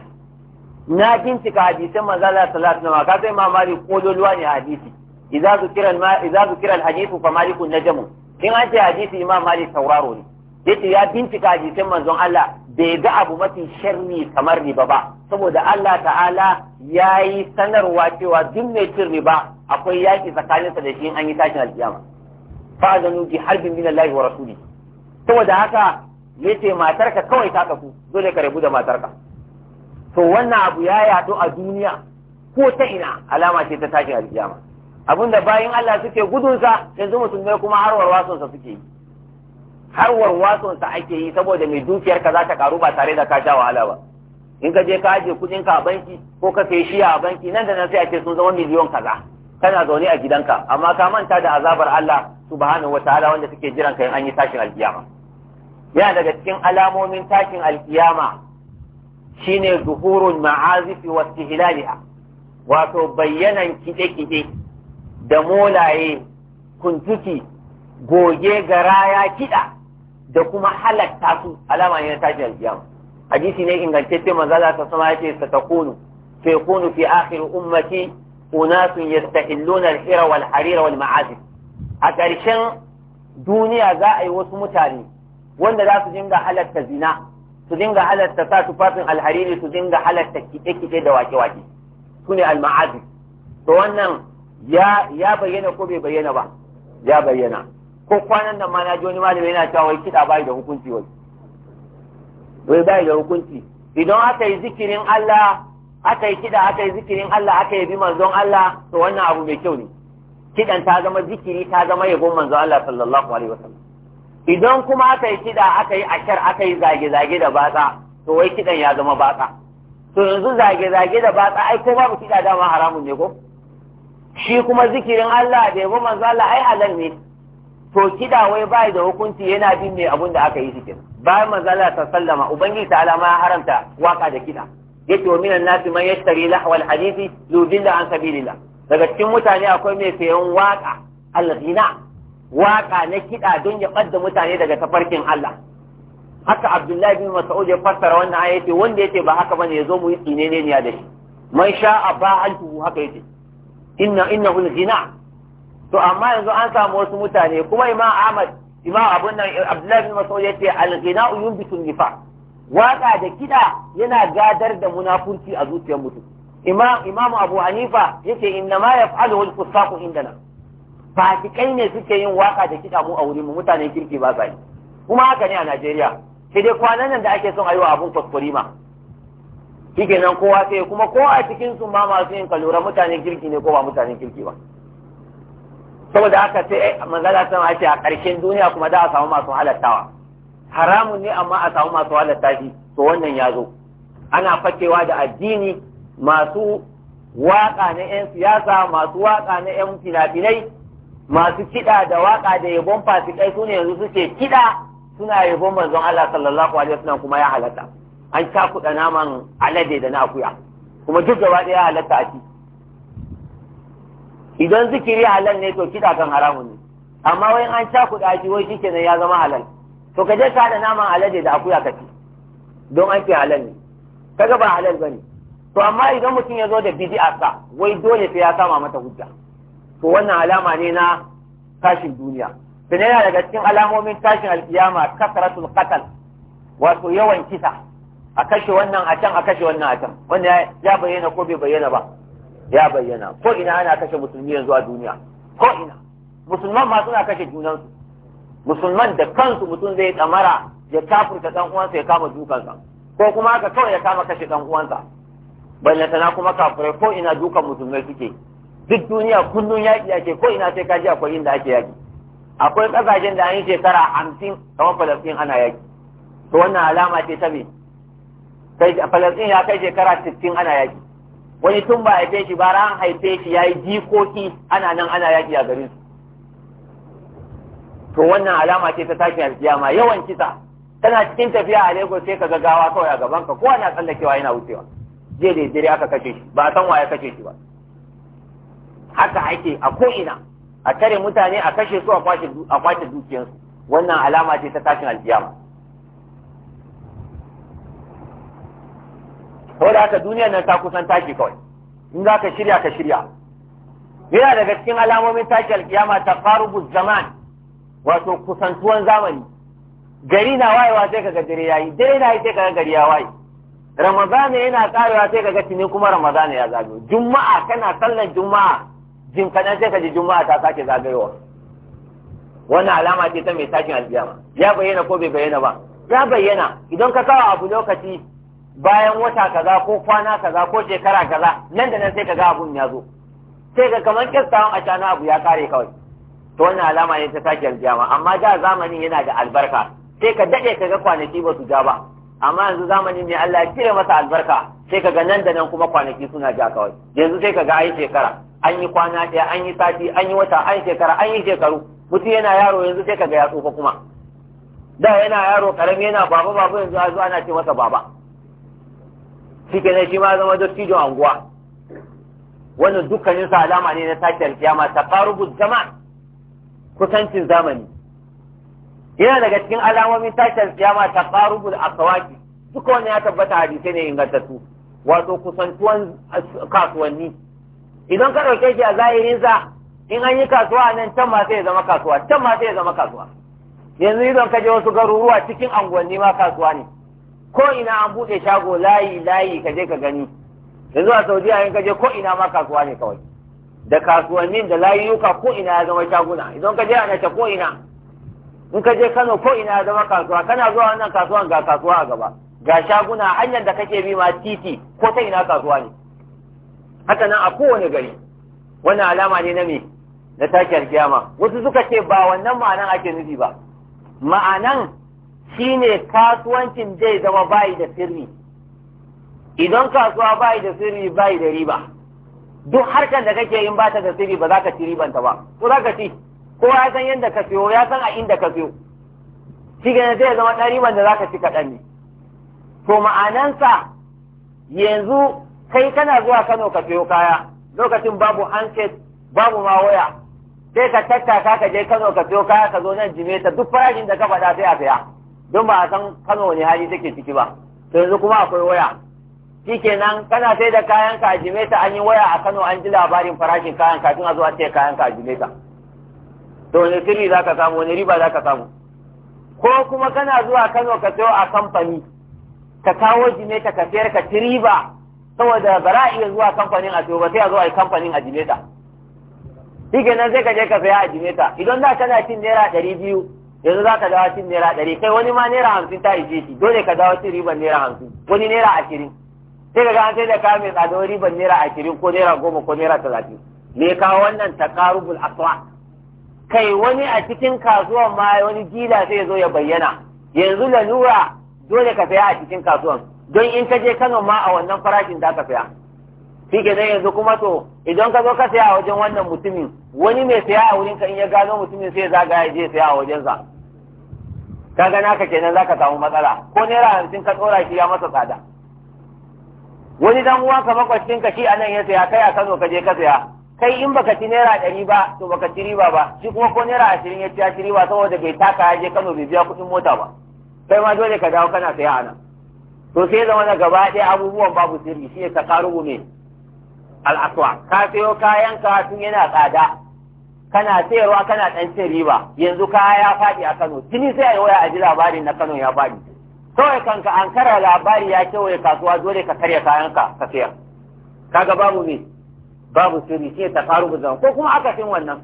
na bincika hadisan manzo Allah sallallahu alaihi wa sallam ka sai ma mali kololuwa ne hadisi idza zukira al ma idza zukira al hadithu fa malikun najmu in an ce hadisi imam malik tauraro ne yace ya bincika hadisin manzon Allah bai ga abu mafi sharri kamar riba ba saboda Allah ta'ala ya yi sanarwa cewa duk mai cin riba akwai yaƙi tsakaninsa da shi in an yi tashin alkiyama fa zanu bi harbin min Allah wa rasuli saboda haka yace matarka kawai ta kafu dole ka rabu da matarka to wannan abu ya yaɗu a duniya ko ta ina alama ce ta tashin alkiyama da bayan Allah suke gudunsa yanzu musulmai kuma har warwasonsa suke yi har warwasonsa ake yi saboda mai dukiyar ka za ta karu ba tare da ka sha wahala ba in ka je ka aje kudin ka a banki ko ka sai shi a banki nan da nan sai a ce sun zama miliyon kaza kana zaune a gidanka amma ka manta da azabar Allah subhanahu wataala wanda suke jiran ka in an yi tashin alkiyama yana daga cikin alamomin tashin alkiyama shine zuhurun ma'azifi wa istihlaliha wato bayyanan kide-kide da molaye kuntuki goge garaya kiɗa da kuma halatta su alama ne na tashin alkiyama hadisi ne ingantacce manzo Allah ta sama yace satakunu fa yakunu fi akhir ummati unasun yastahilluna al-hira wal harira wal ma'azif a ƙarshen duniya za a yi wasu mutane wanda za su dinga halatta zina su dinga halatta sa tufafin alhariri su dinga halatta kike-kike da wake-wake su ne al-ma'azif to wannan ya ya bayyana ko bai bayyana ba ya bayyana ko kwanan nan ma na ji wani malami yana cewa wai kiɗa bai da hukunci wai wai bai da hukunci idan aka yi zikirin Allah aka yi kiɗa aka yi zikirin Allah aka yi bi manzon Allah to wannan abu mai kyau ne kiɗan ta zama zikiri ta zama yabon manzon Allah sallallahu alaihi wasallam idan kuma aka yi kiɗa aka yi akar aka yi zage-zage da batsa to wai kiɗan ya zama batsa to yanzu zage-zage da batsa ai ko babu kiɗa dama haramun ne ko shi kuma zikirin Allah da yabo manzo Allah ai halal ne to kida wai bai da hukunci yana bin me abun da aka yi zikirin bayan manzo ta sallama ubangiji ta alama ya haramta waka da kida yace wa minan nasi man yashtari lahwal hadisi yudilla an sabilillah daga cikin mutane akwai mai sayan waka alghina waka na kida don ya ɓadda mutane daga tafarkin Allah haka Abdullahi bin Mas'ud ya fassara wannan ayati wanda yake ba haka bane yazo mu yi tsine ne da shi man sha'a ba'altu haka yace inna inna al zina to amma yanzu an samu wasu mutane kuma imam ahmad imam abun nan abdullahi bin mas'ud yace al-ghina yunbitu nifaq waka da kida yana gadar da munafurci a zuciyar mutum imam imam abu hanifa yace inna ma yaf'alu al-fusaqu indana fasikai ne suke yin waka da kida mu a wurin mu mutanen kirki ba sa kuma haka ne a Najeriya sai dai kwanan nan da ake son ayi wa abun kwaskwarima nan kowa sai kuma ko a cikin su ma masu yin kalura mutanen kirki ne ko ba mutanen kirki ba saboda haka sai manzala san a ce a ƙarshen duniya kuma da a samu masu halattawa haramun ne amma a samu masu halatta shi to wannan ya zo ana fakewa da addini masu waka na 'yan siyasa masu waka na 'yan finafinai masu kiɗa da waka da yabon fasikai su ne yanzu suke kiɗa suna yabon manzon Allah sallallahu alaihi wasallam kuma ya halatta an cakuɗa naman alade da na akuya kuma duk gaba ɗaya halatta a ci idan zikiri halal ne to kiɗa kan haramun ne amma wai an cakuɗa a ci wai shi kenan ya zama halal to ka je ka haɗa naman alade da akuya ka ci don an ce halal ne kaga ba halal bane to amma idan mutum ya zo da bid'a sa wai dole sai ya kama mata hujja to wannan alama ne na tashin duniya sannan yana daga cikin alamomin tashin alkiyama kasaratul qatl wato yawan kisa a kashe wannan a can a kashe wannan a can wanda ya bayyana ko bai bayyana ba ya bayyana ko ina ana kashe musulmi yanzu a duniya ko ina musulman ma suna kashe junansu musulman da kansu mutum zai tsamara ya kafurta dan uwansa ya kama dukansa ko kuma haka kawai ya kama kashe dan uwansa na kuma kafirai ko ina dukan musulmai suke duk duniya kullum yaki ake ko ina sai kaji akwai inda ake yaki akwai kasashen da an yi shekara hamsin kamar falastin ana yaki. to wannan alama ce ta me kai Falastin ya kai shekara 60 ana yaki wani tun ba haife shi ba ran haife shi yayi jikoki ana nan ana yaki a garin su to wannan alama ce ta tashin alkiyama yawan kisa tana cikin tafiya a Lagos sai ka ga gawa kawai a gaban ka ko ana tsallakewa yana wucewa je da dare aka kashe shi ba san waye kashe shi ba haka ake a ko ina a kare mutane a kashe su a kwace dukiyarsu wannan alama ce ta tashin alkiyama saboda haka duniyar nan ta kusan taki kawai in za ka shirya ka shirya yana daga cikin alamomin taki alkiyama ta farubu zaman wato kusantuwan zamani gari na wayewa sai kaga dare yayi dare na yi sai kaga gari ya waye ramadana yana karewa sai kaga tuni kuma ramadana ya zagayo juma'a kana sallar juma'a jin kadan sai kaji juma'a ta sake zagayowa wannan alama ce ta mai takin alkiyama ya bayyana ko bai bayyana ba ya bayyana idan ka kawo abu lokaci bayan wata kaza ko kwana kaza ko shekara kaza nan da nan sai kaga abun ya zo sai ga kamar kistawan a cana abu ya kare kawai to wannan alama ne ta sake aljama amma da zamanin yana da albarka sai ka dade ga kwanaki ba su ja ba amma yanzu zamanin ne Allah ya cire masa albarka sai kaga nan da nan kuma kwanaki suna ja kawai yanzu sai kaga ai shekara an yi kwana ɗaya an yi sati an yi wata an shekara an yi shekaru mutum yana yaro yanzu sai kaga ya tsufa kuma da yana yaro karami yana baba baba yanzu a zo ana ce masa baba shi ke shi ma zama dattijon anguwa wannan dukkanin sa alama ne na sake alkiyama taqarubuz zaman kusancin zamani yana daga cikin alamomin sake alkiyama taqarubul aswaqi duka wannan ya tabbata hadisai ne ingantattu wato kusantuwan kasuwanni idan ka ɗauke shi a zahirin sa in an yi kasuwa nan can ma sai ya zama kasuwa can ma sai ya zama kasuwa yanzu idan ka je wasu garuruwa cikin anguwanni ma kasuwa ne ko ina an buɗe shago layi layi ka je ka gani yanzu a saudiya in ka je ko ina ma kasuwa ne kawai da kasuwannin da layuka ko ina ya zama shaguna idan ka je a ko ina in ka je kano ko ina ya zama kasuwa kana zuwa wannan kasuwan ga kasuwa a gaba ga shaguna hanyar da kake bi ma titi ko ta ina kasuwa ne haka nan a kowane gari wannan alama ne na me na takiyar kiyama wasu suka ce ba wannan ma'anan ake nufi ba ma'anan Shi ne kasuwancin zai zama bayi da sirri idan kasuwa bayi da sirri bayi da riba duk harkar da kake yin bata da sirri ba za ka ci ta ba ko za ka ci ko ya san yadda ka siyo ya san a inda ka siyo shi ga zai zama ɗan riban da za ka ci kaɗan ne to ma'anansa yanzu kai kana zuwa kano ka siyo kaya lokacin babu handset babu ma waya sai ka tattaka ka je kano ka siyo kaya ka zo nan jimeta duk farashin da ka faɗa sai a saya don ba a san kano wani hali take ciki ba to yanzu kuma akwai waya shikenan kana sai da kayan ka jimeta an yi waya a kano an ji labarin farashin kayan kafin a zo a ce kayan ka jimeta to wani sirri za ka samu wani riba za ka samu ko kuma kana zuwa kano ka sayo a kamfani ka kawo jimeta ka sayar ka ci riba saboda ba za a iya zuwa kamfanin a sayo ba sai a zo a yi kamfanin a jimeta shikenan sai ka je ka saya a jimeta idan da kana cin naira ɗari biyu yanzu za ka dawo cin naira ɗari kai wani ma naira hamsin ta ije shi dole ka dawo cin riban naira hamsin wani naira ashirin sai ka ga an sai da kaya mai tsada riban naira ashirin ko naira goma ko naira talatin me kawo wannan takarubul aswa kai wani a cikin kasuwan ma wani dila sai zo ya bayyana yanzu lalura dole ka saya a cikin kasuwan don in ka je Kano ma a wannan farashin za ka saya shi ke nan yanzu kuma to idan ka zo ka saya a wajen wannan mutumin wani mai saya a wurinka in ya gano mutumin sai ya zagaya je saya a wajensa ka gana ka kenan za ka samu matsala ko naira hamsin ka tsora shi ya masa tsada wani dan uwa ka makwashin ka shi a nan ya saya kai a Kano ka je ka saya kai in baka ci naira ɗari ba to baka ci riba ba shi kuma ko naira ashirin ya ci ya ci riba saboda bai taka ya je Kano bai biya kuɗin mota ba kai ma dole ka dawo kana saya a nan to sai zama na gaba ɗaya abubuwan babu sirri shi ne ta karu mai al'aswa ka sayo kayan ka tun yana tsada kana sayarwa kana ɗan cin riba yanzu kaya ya faɗi a Kano tuni sai ai waya a ji labarin na Kano ya faɗi kawai kanka an kara labari ya kewaye kasuwa dole ka karya kayanka ka sayar kaga babu ne babu sirri shi ta faru zama ko kuma akasin wannan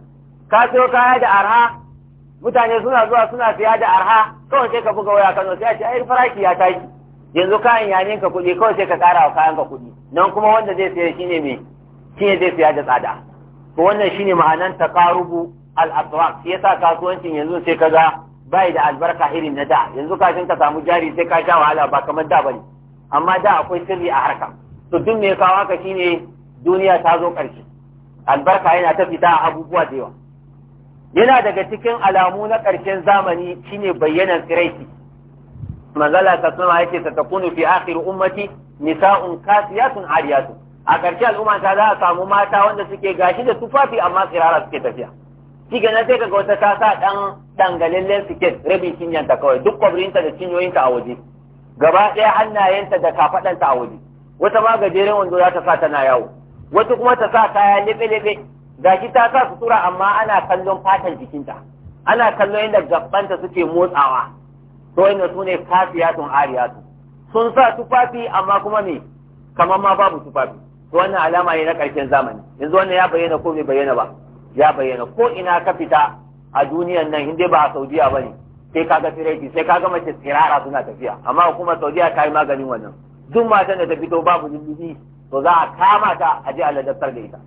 ka sayo kaya da arha mutane suna zuwa suna siya da arha kawai sai ka buga waya Kano sai a ce ai faraki ya tashi yanzu kayan ya ninka kuɗi kawai sai ka ƙara wa kayanka kuɗi nan kuma wanda zai siya shine me shine zai siya da tsada to wannan shine ma'anan taqarubu al-aswaq shi yasa kasuwancin yanzu sai kaga bai da albarka irin na da yanzu kafin ka samu jari sai ka sha wahala ba kamar da bane amma da akwai sirri a harka to duk me kawo haka shine duniya ta zo karshe albarka yana ta fita abubuwa da yawa yana daga cikin alamu na ƙarshen zamani shine bayyanan tsiraiti manzala ta suna yake ta takunu fi akhir ummati nisa'un kasiyatun ariyatun a ƙarshe al'umma ta za a samu mata wanda suke gashi da tufafi amma tsirara suke tafiya shi na sai kaga wata ta sa ɗan ɗangalellen siket rabin cinyanta kawai duk kwabrinta da cinyoyinta a waje gaba ɗaya hannayenta da kafaɗanta a waje wata ma gajeren wando za ta sa tana yawo wata kuma ta sa kaya leɓe-leɓe gashi ta sa sutura amma ana kallon fatan jikinta ana kallon yadda gabanta suke motsawa to yana su ne kafiyatun ariyatu sun sa tufafi amma kuma me kamar ma babu tufafi to wannan alama ne na ƙarshen zamani yanzu wannan ya bayyana ko bai bayyana ba ya bayyana ko ina ka fita a duniyan nan Inda ba a Saudiya ba ne sai kaga tsiraici sai kaga mace tsirara suna tafiya amma kuma Saudiya ta yi maganin wannan duk matan da ta fito babu lullubi to za a kama ta a je a tsar da ita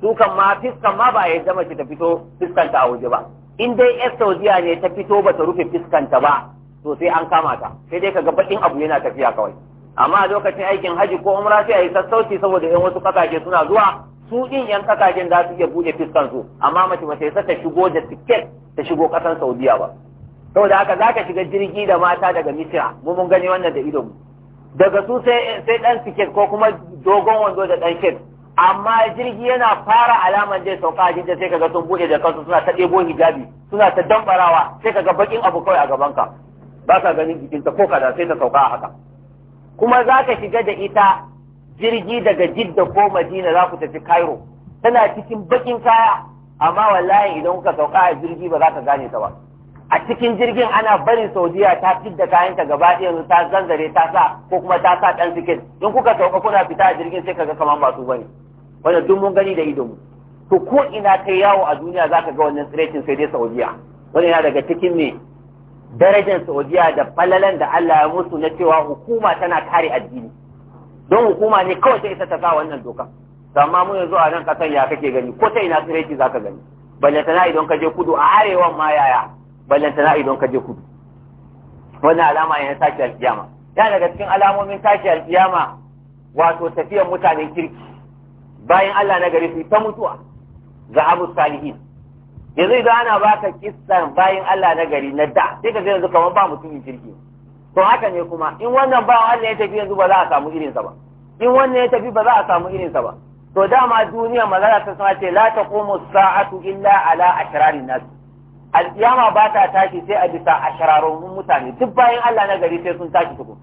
su kan ma fiskan ma ba a yadda mace ta fito fiskanta a waje ba in dai yar Saudiya ne ta fito ba ta rufe fiskanta ba to sai an kama ta sai dai kaga bakin abu yana tafiya kawai amma a lokacin aikin haji ko umra sai a yi sassauci saboda yan wasu kasashe suna zuwa su din yan kasashen za su iya buɗe fiskan su amma mace mace sai ta shigo da tiket ta shigo ƙasar Saudiya ba saboda haka za ka shiga jirgi da mata daga Misira mu mun gani wannan da ido mu daga su sai sai dan tiket ko kuma dogon wando da dan shed amma jirgi yana fara alamar zai sauka a jirgin sai kaga sun buɗe da kansu suna ta ɗebo hijabi suna ta dambarawa sai kaga baƙin abu kawai a gabanka ba ka ganin jikinta ko kada sai ta sauka a haka kuma za ka shiga da ita jirgi daga jidda ko madina za ku tafi cairo tana cikin bakin kaya amma wallahi idan kuka sauka a jirgi ba za ka gane ta ba a cikin jirgin ana barin saudiya ta fidda kayanta gaba ɗaya ta zanzare ta sa ko kuma ta sa ɗan siket in kuka sauka kuna fita a jirgin sai kaga kamar ba su bane wanda duk mun gani da idonmu to ko ina kai yawo a duniya za ka ga wannan tsiraicin sai dai saudiya wani yana daga cikin ne darajar Saudiya da falalan da Allah ya musu na cewa hukuma tana kare addini don hukuma ne kawai ta isa ta sa wannan doka amma mu yanzu a nan kasan ya kake gani ko ta ina tsireci zaka gani ballantana idan ka je kudu a arewan ma yaya ballantana idan ka je kudu wannan alama ne na ke alkiyama ya daga cikin alamomin ke alkiyama wato tafiyan mutanen kirki bayan Allah na gari su ta mutuwa ga abu salihin yanzu idan ana baka kissan bayan Allah na gari na da sai ka ga yanzu kamar ba mutumin jirgi. to haka ne kuma in wannan ba Allah ya tafi yanzu ba za a samu irinsa ba in wannan ya tafi ba za a samu irinsa ba to dama duniya magana ta sama ce la taqumu sa'atu illa ala ashrarin nas alkiyama ba ta tashi sai a bisa ashrarun mutane duk bayan Allah na gari sai sun tashi tukun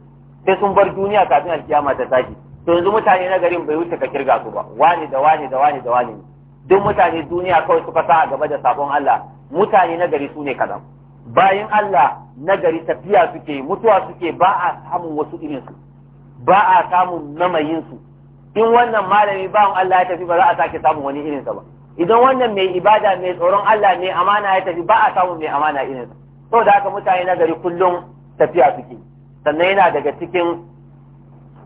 sai sun bar duniya kafin alkiyama ta tashi to yanzu mutane na garin bai wuce ka kirga su ba wani da wani da wani da wani duk mutane duniya kawai suka sa a gaba da sabon Allah mutane na gari su ne kaza bayan Allah na gari tafiya suke mutuwa suke ba a samun wasu irin su ba a samun namayin su in wannan malami bawan Allah ya tafi ba za a sake samun wani irin sa ba idan wannan mai ibada mai tsoron Allah mai amana ya tafi ba a samun mai amana irin sa to da haka mutane na gari kullum tafiya suke sannan yana daga cikin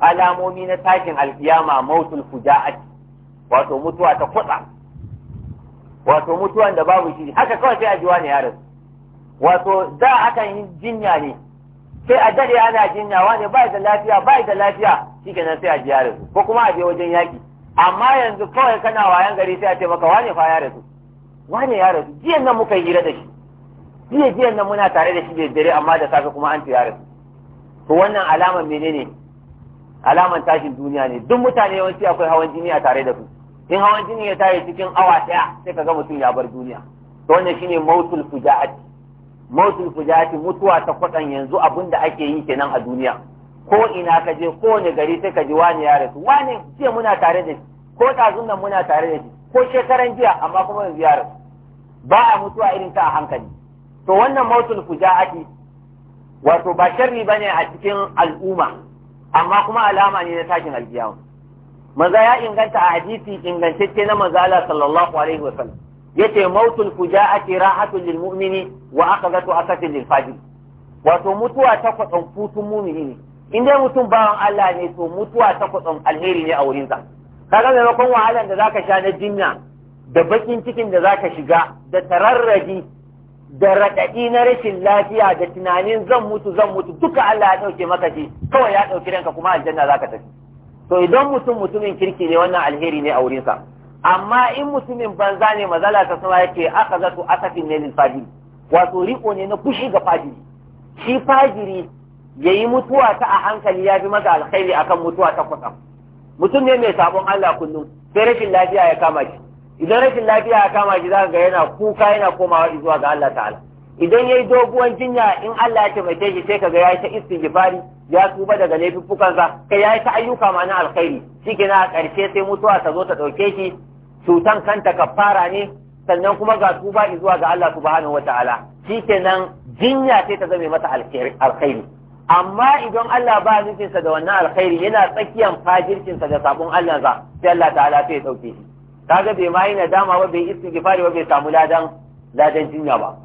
alamomi na takin alkiyama mautul fuja'ati wato mutuwa ta kwatsa wato mutuwan da babu shi haka kawai sai a ji wani yaron wato da akan yi jinya ne sai a dade ana jinya wani bai da lafiya bai da lafiya shikenan sai a ji yaron ko kuma a je wajen yaki amma yanzu kawai kana wayan gari sai a ce maka wani fa ya rasu wani ya rasu jiyan nan muka yi hira da shi jiya jiyan nan muna tare da shi da dare amma da safe kuma an ci ya rasu to wannan alaman menene alaman tashin duniya ne duk mutane yawanci akwai hawan jini a tare da su in hawan jini ya tare cikin awa ɗaya sai ka ga mutum ya bar duniya to wannan shine mautul fujaati mautul fujaati mutuwa ta kwadan yanzu abinda da ake yi kenan a duniya ko ina ka je ko ne gari sai ka ji wani ya rasu wani jiya muna tare da shi ko tazun nan muna tare da shi ko shekaran jiya amma kuma yanzu ya rasu ba a mutuwa irin ta a hankali to wannan mautul fujaati wato ba sharri bane a cikin al'umma amma kuma alama ne na tashin alkiyama maza ya inganta a hadisi ingantacce na manzo sallallahu alaihi wa sallam yace mautul fuja'ati rahatul lil mu'mini wa aqdatu asatil lil fajir wato mutuwa ta kwatsan futun mumini ne in dai mutum bawan Allah ne to mutuwa ta kwatsan alheri ne a wurin sa kaga maimakon wahalan da zaka sha na jinya da bakin cikin da zaka shiga da tararradi da raɗaɗi na rashin lafiya da tunanin zan mutu zan mutu duka Allah ya ɗauke maka shi kawai ya ɗauki ranka kuma aljanna zaka tafi to idan mutum mutumin kirki ne wannan alheri ne a wurinsa amma in mutumin banza ne mazala ta sama yake aka zato asafin ne lil fajiri wato riko ne na fushi ga fajiri shi fajiri yayi mutuwa ta a hankali ya fi masa alkhairi akan mutuwa ta kwasa. mutum ne mai sabon Allah kullum sai rashin lafiya ya kama shi idan rashin lafiya ya kama shi za ga yana kuka yana komawa zuwa ga Allah ta'ala idan yayi doguwan jinya in Allah ya taimake shi sai kaga yayi ta istighfari ya tuba daga laifuffukan sa kai yayi ta ayyuka ma na alkhairi shi a ƙarshe sai mutuwa ta zo ta dauke shi cutan kanta kafara ne sannan kuma ga tuba zuwa ga Allah subhanahu wataala kenan jinya sai ta zame mata alkhairi amma idan Allah ba nufinsa da wannan alkhairi yana tsakiyan fajircinsa da sabon Allah za sai Allah ta'ala sai ya dauke shi kaga bai ma yi nadama ba bai istighfari ba bai samu ladan ladan jinya ba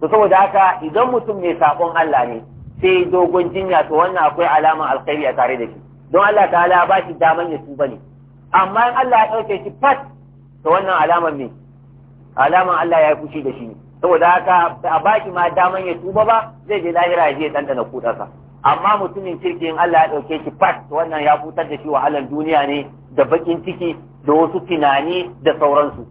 to saboda haka idan mutum mai sakon Allah ne sai dogon jinya to wannan akwai alama alkhairi a tare da shi don Allah ta'ala ba shi daman ya tuba ne amma in Allah ya ɗauke shi fat to wannan alaman ne, alaman Allah ya yi fushi da shi ne saboda haka a ba shi ma daman ya tuba ba zai je lahira ya je ya ɗanɗana amma mutumin kirki in Allah ya ɗauke shi fat to wannan ya futar da shi wahalan duniya ne da bakin ciki da wasu tunani da sauransu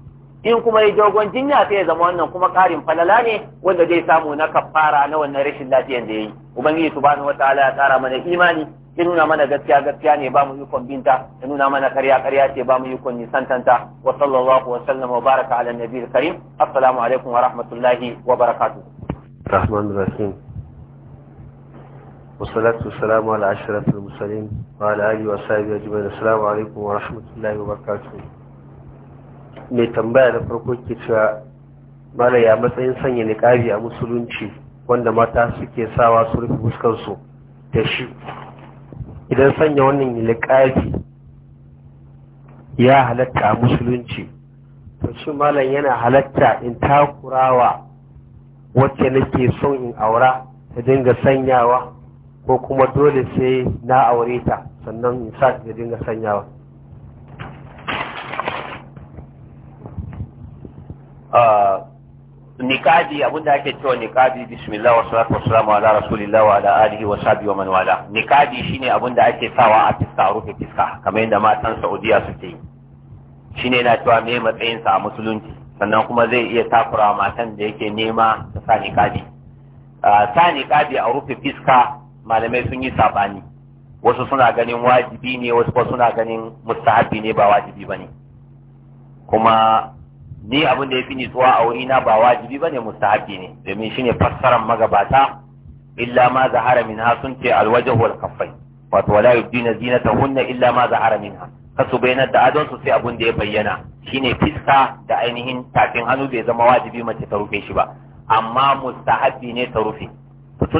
in kuma ya dogon jinya sai ya zama wannan kuma karin falala ne wanda zai samu na kafara na wannan rashin lafiyar da yayi ubangiji subhanahu wataala ya tsara mana imani ya nuna mana gaskiya gaskiya ne ba mu ikon binta ya nuna mana karya karya ce ba mu yi ikon nisantanta wa sallallahu wa sallam wa baraka ala nabiyil karim assalamu alaikum wa rahmatullahi wa barakatuh rahman rahim والصلاة والسلام على أشرف المرسلين وعلى آله وصحبه أجمعين السلام wa ورحمة wa وبركاته mai tambaya da farko ke cewa mana ya matsayin sanya niƙari a musulunci wanda mata suke sawa su rufe fuskarsu da shi idan sanya wannan niƙari ya halatta a musulunci to shi malam yana halatta in takurawa wacce nake son in aura ta dinga sanyawa ko kuma dole sai na aure ta sannan in sa ta dinga sanyawa Ah, nikadi abin da ake cewa nikadi bismillah wa salatu wassalamu ala rasulillah wa ala alihi wa sahbihi wa man wala nikadi shine da ake sawa a fiska rufe fiska kamar yadda matan Saudiya suke yi shine na cewa me matsayin sa a musulunci sannan kuma zai iya takura matan da yake nema ta sa nikadi, ah, sa nikadi a rufe fiska malamai sun yi sabani wasu suna ganin wajibi ne wasu suna ganin mustahabi ne ba wajibi bane kuma ni abin da ya fi nitsuwa a wuri na ba wajibi bane mustahabi ne domin shine fassaran magabata illa ma zahara minha sun ce alwajh wal kaffai wato wala yubdina zinatahunna illa ma zahara minha kasu bayyana da adon su sai abin da ya bayyana shine fiska da ainihin tafin hannu bai zama wajibi mace ta rufe shi ba amma mustahabi ne ta rufe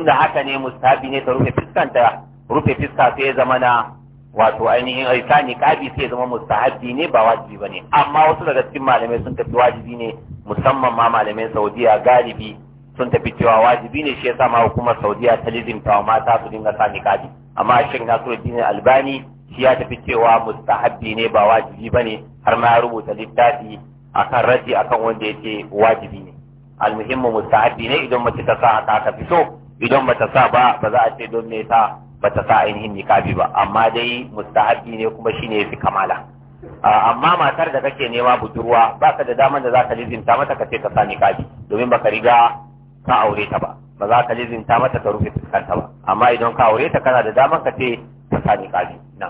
da haka ne mustahabi ne ta rufe fiskanta rufe fiska sai ya zama na wato ainihin ne kabi sai zama mustahabbi ne ba wajibi bane amma wasu daga cikin malamai sun tafi wajibi ne musamman ma malamai Saudiya galibi sun tafi cewa wajibi ne shi yasa ma hukumar Saudiya ta lizimta wa mata su dinga sa niqabi amma Sheikh Nasiruddin Albani shi ya tafi cewa mustahabi ne ba wajibi bane har ma ya rubuta littafi akan raji akan wanda yake wajibi ne almuhimmu mustahabi ne idan mace ta sa haka aka fi so idan bata sa ba ba za a ce don me ta bata sa ainihin nikabi ba amma dai mustahabi ne kuma shine yafi kamala amma matar da kake nema budurwa baka da daman da zaka lizinta mata ka ce ka sa nikabi domin baka riga ka aure ta ba ba za ka lizinta mata ka rufe fuskanta ba amma idan ka aure ta kana da daman ka ce ka sa nikabi na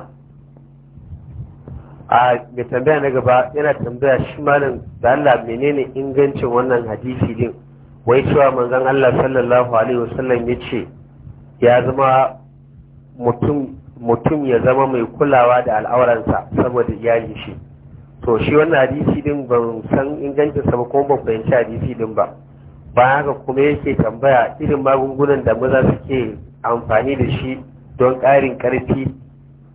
a ga tambaya na gaba yana tambaya shi malam da Allah menene ingancin wannan hadisi din wai cewa manzon Allah sallallahu alaihi wasallam yace ya zama mutum ya zama mai kulawa da al'auransa saboda iyali shi to shi wannan hadisi din ban san ingancinsa ba kuma ban fahimci hadisi din ba ba haka kuma yake tambaya irin magungunan da maza suke amfani da shi don ƙarin ƙarfi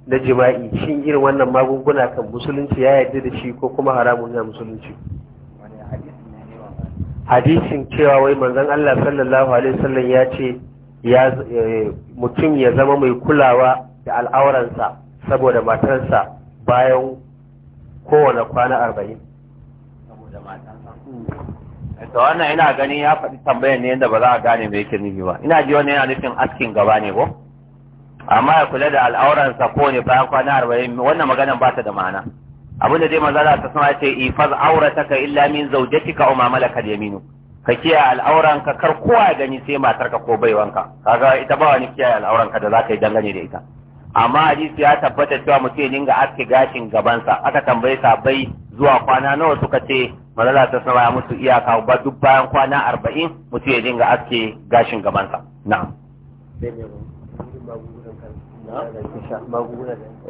na jima'i shin irin wannan magunguna kan musulunci ya yarda da shi ko kuma haramun na musulunci hadisin cewa wai manzon Allah sallallahu alaihi wasallam ya ce Eh, mutum ya zama mai kulawa da al'auransa saboda matarsa bayan kowane kwana arba'in da wannan ina gani ya faɗi tambayar ne yadda ba za a gane mai yake nufi ba ina ji wannan yana nufin askin gaba ne ko amma ya kula da al'auransa ko ne bayan kwana arba'in wannan maganan ba ta da ma'ana Abin da dai maza za ta sama ce ifaz aurataka illa min zaujatika umma ma malakat yaminu ka kiyaye al'auranka kar kowa ya gani sai matarka ko baiwanka kaga ita ba wani kiyaye al'auranka da zaka yi dangane da ita amma hadisi ya tabbata cewa mutum ya dinga aske gashin gabansa aka tambaye bai zuwa kwana nawa suka ce manzala ta sama ya musu iyaka ba duk bayan kwana arba'in mutum ya dinga aske gashin gabansa na'am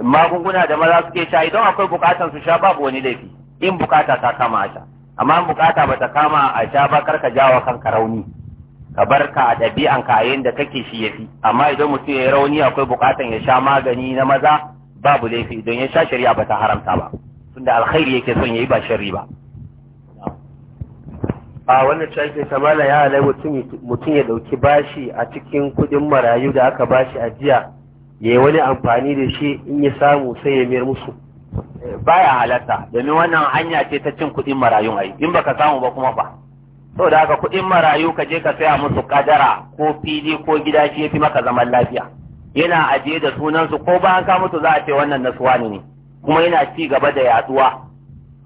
magunguna da maza suke sha idan akwai bukatan su sha babu wani laifi in bukata ta kama a sha amma bukata bata kama a sha ba karka jawo kanka rauni ka bar ka a ɗabi'an ka yayin da kake shi ya fi. amma idan mutum ya yi rauni akwai bukatan ya sha magani na maza babu laifi idan ya sha shari'a bata haramta ba tunda alkhairi yake son yayi ba sharri ba a wannan cikin samala ya halai mutum ya ɗauki bashi a cikin kudin marayu da aka bashi a jiya ya wani amfani da shi in ya samu sai ya mayar musu baya halatta domin wannan hanya ce ta cin kuɗin marayu ai in baka samu ba kuma fa da haka kuɗin marayu ka je ka saya musu kadara ko fili ko gida shi yafi maka zaman lafiya yana ajiye da sunansu ko bayan ka mutu za a ce wannan nasuwa ne kuma yana ci gaba da yatsuwa.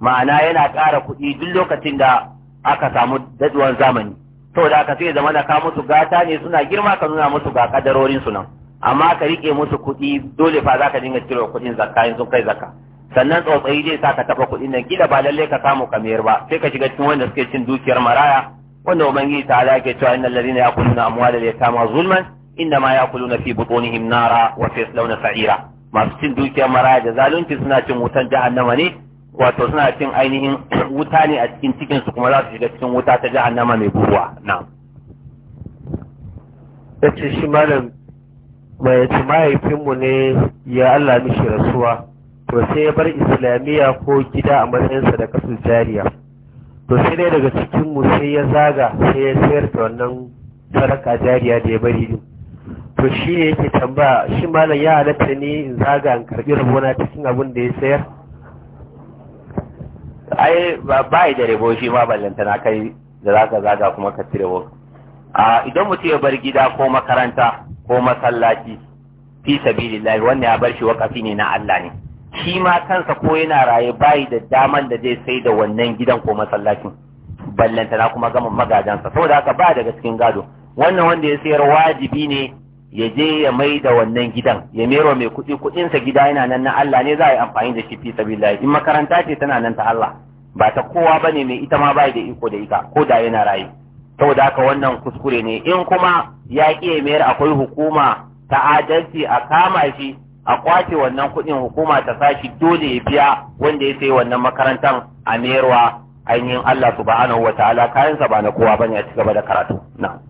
ma'ana yana ƙara kuɗi duk lokacin da aka samu daɗuwan zamani da haka sai zama da ka musu gata ne suna girma ka nuna musu ga kadarorin su nan amma ka rike musu kuɗi dole fa za ka dinga cire kuɗin zakka in sun kai zakka sannan tsautsayi zai sa ka taɓa kuɗin nan gida ba lallai ka samu kamar ba sai ka shiga cikin wanda suke cin dukiyar maraya wanda ubangiji ta ala ke cewa innal ladina yaquluna amwala al-yatama zulman inna ma yaquluna fi butunihim nara wa fi yaslawna sa'ira masu cin dukiyar maraya da zalunci suna cin wutan jahannama ne wato suna cin ainihin wuta ne a cikin cikin su kuma za su shiga cikin wuta ta jahannama mai buruwa na'am yace shi malam mai mahaifinmu ne ya Allah mishi rasuwa to sai ya bar islamiyya ko gida a matsayinsa da kasar jariya to sai dai daga cikin mu sai ya zaga sai ya sayar da wannan sadaka jariya da ya bari din to shi ne yake tambaya shi malam ya halatta ne in zaga in karbi rabona cikin abin da ya sayar ai ba yi da rabo shi ma ballantana kai da za ka zaga kuma ka ci rabo a idan mutum ya bar gida ko makaranta ko masallaci fi sabilillahi wannan ya bar shi wakafi ne na Allah ne shi ma kansa ko yana raye bayi da daman da zai sai da wannan gidan ko masallacin ballanta na kuma gama magajansa saboda haka ba daga cikin gado wannan wanda ya sayar wajibi ne ya je ya mai da wannan gidan ya mero mai kuɗi kuɗinsa gida yana nan na Allah ne za a yi amfani da shi fi sabilillah in makaranta ce tana nan ta Allah ba ta kowa bane mai ita ma bai da iko da ita ko da yana raye saboda haka wannan kuskure ne in kuma ya ƙi ya mayar akwai hukuma ta adalci a kama shi a kwace wannan kuɗin hukuma ta sashi dole ya biya wanda ya sayi wannan makarantar a mayarwa ainihin Allah subhanahu wa ta'ala kayansa ba na kowa bane a ci gaba da karatu na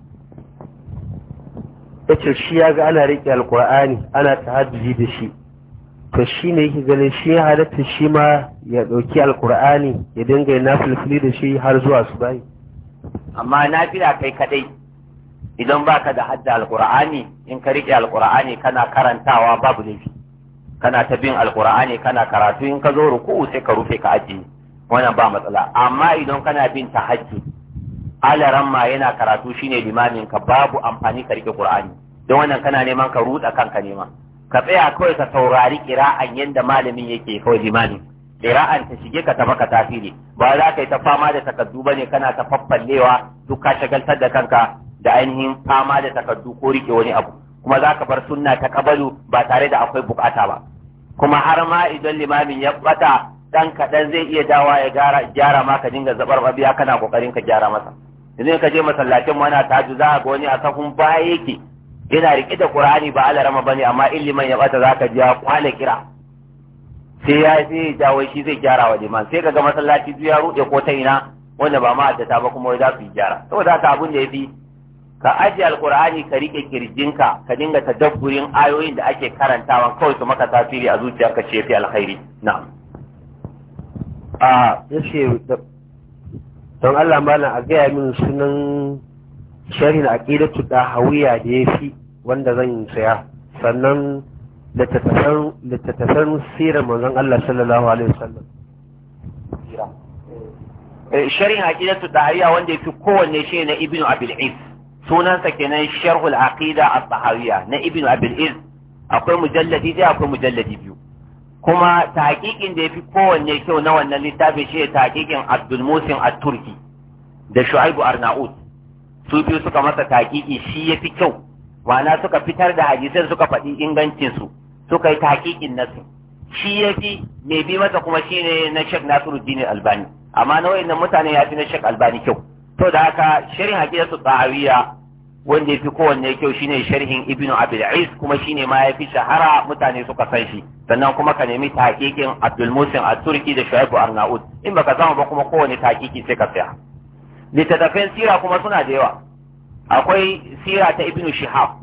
yace shi ya ga ana riƙe alqur'ani ana tahajjudi da shi to shi ne yake ganin shi ya halatta shi ma ya ɗauki alkur'ani ya dinga yin nafilfili da shi har zuwa su bayi amma na kai kaɗai. idan baka da hadda alqur'ani in ka rike alqur'ani kana karantawa babu laifi kana ta bin alqur'ani kana karatu in ka zo ruku'u sai ka rufe ka ajiye wannan ba matsala amma idan kana bin ta hajji, ala ma yana karatu shine limamin ka babu amfani ka rike qur'ani don wannan kana neman ka rutsa kanka neman. ka tsaya kawai ka saurari kira'an yanda malamin yake kawai limamin kira'an ta shige ka tafa ka tasiri. ba za ka yi ta fama da takaddu bane kana ta faffallewa duk ka shagaltar da kanka da ainihin fama da takardu ko rike wani abu kuma za ka bar sunna ta kabalu ba tare da akwai bukata ba kuma har ma idan limamin ya bata dan kaɗan zai iya dawa ya gara gyara ma ka dinga zabar babiya kana kokarin ka gyara masa idan ka je masallacin mana taju za ga wani a kafin baya yake yana rike da qur'ani ba ala rama bane amma illiman ya bata zaka ji ya kwale kira sai ya sai da wai shi zai gyara wa liman sai kaga masallaci duk ya rude ko ta ina wanda ba ma ta ba kuma wai za su yi gyara saboda haka abun da yafi ka ajiye alkur'ani ka rike kirjinka ka dinga tadabburin ayoyin da ake karantawa kawai su maka tasiri a zuciya ka ce fi alkhairi na'am a yace don Allah na a gaya min sunan sharhin aqidatu da hawiya da yafi wanda zan yi saya sannan littattafan littattafan sirar manzon Allah sallallahu alaihi wasallam eh, sharhin aqidatu da hawiya wanda yafi kowanne shi na ibnu abil sunansa kenan sharhul aqida as-sahawiyya na ibnu abil iz akwai mujalladi dai akwai mujalladi biyu kuma tahqiqin da yafi kowanne kyau na wannan littafi shi ne tahqiqin Abdul Musin at-Turki da Shu'aibu Arnaud su biyu suka masa tahqiqi shi yafi kyau ma'ana suka fitar da hadisan suka faɗi ingancin su suka yi tahqiqin nasu shi yafi mai bi masa kuma shine na Sheikh Nasiruddin Albani amma na wayannan mutane yafi na Sheikh Albani kyau to da haka sharhin aqidatu tahawiyya wanda yafi kowanne kyau shine sharhin ibn abul is kuma shine ma yafi shahara mutane suka san shi sannan kuma ka nemi tahqiqin abdul musin at-turki da shuaib arnaud in baka samu ba kuma kowanne tahqiqi sai ka tsaya littattafan sira kuma suna da yawa akwai sira ta ibn shihab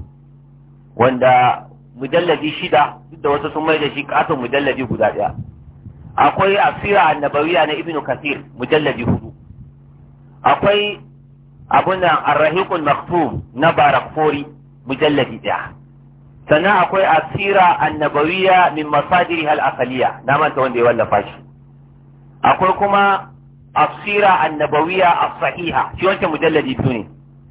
wanda mujalladi shida duk da wasu sun mai da shi katon mujalladi guda daya akwai asira annabawiya na ibn kathir mujalladi hudu akwai abun nan arrahiqul maktum na barakfori mujalladi daya sannan akwai asira annabawiya min masadiri hal asaliya na manta wanda ya wallafa shi akwai kuma asira annabawiya as-sahiha shi wancan mujalladi biyu ne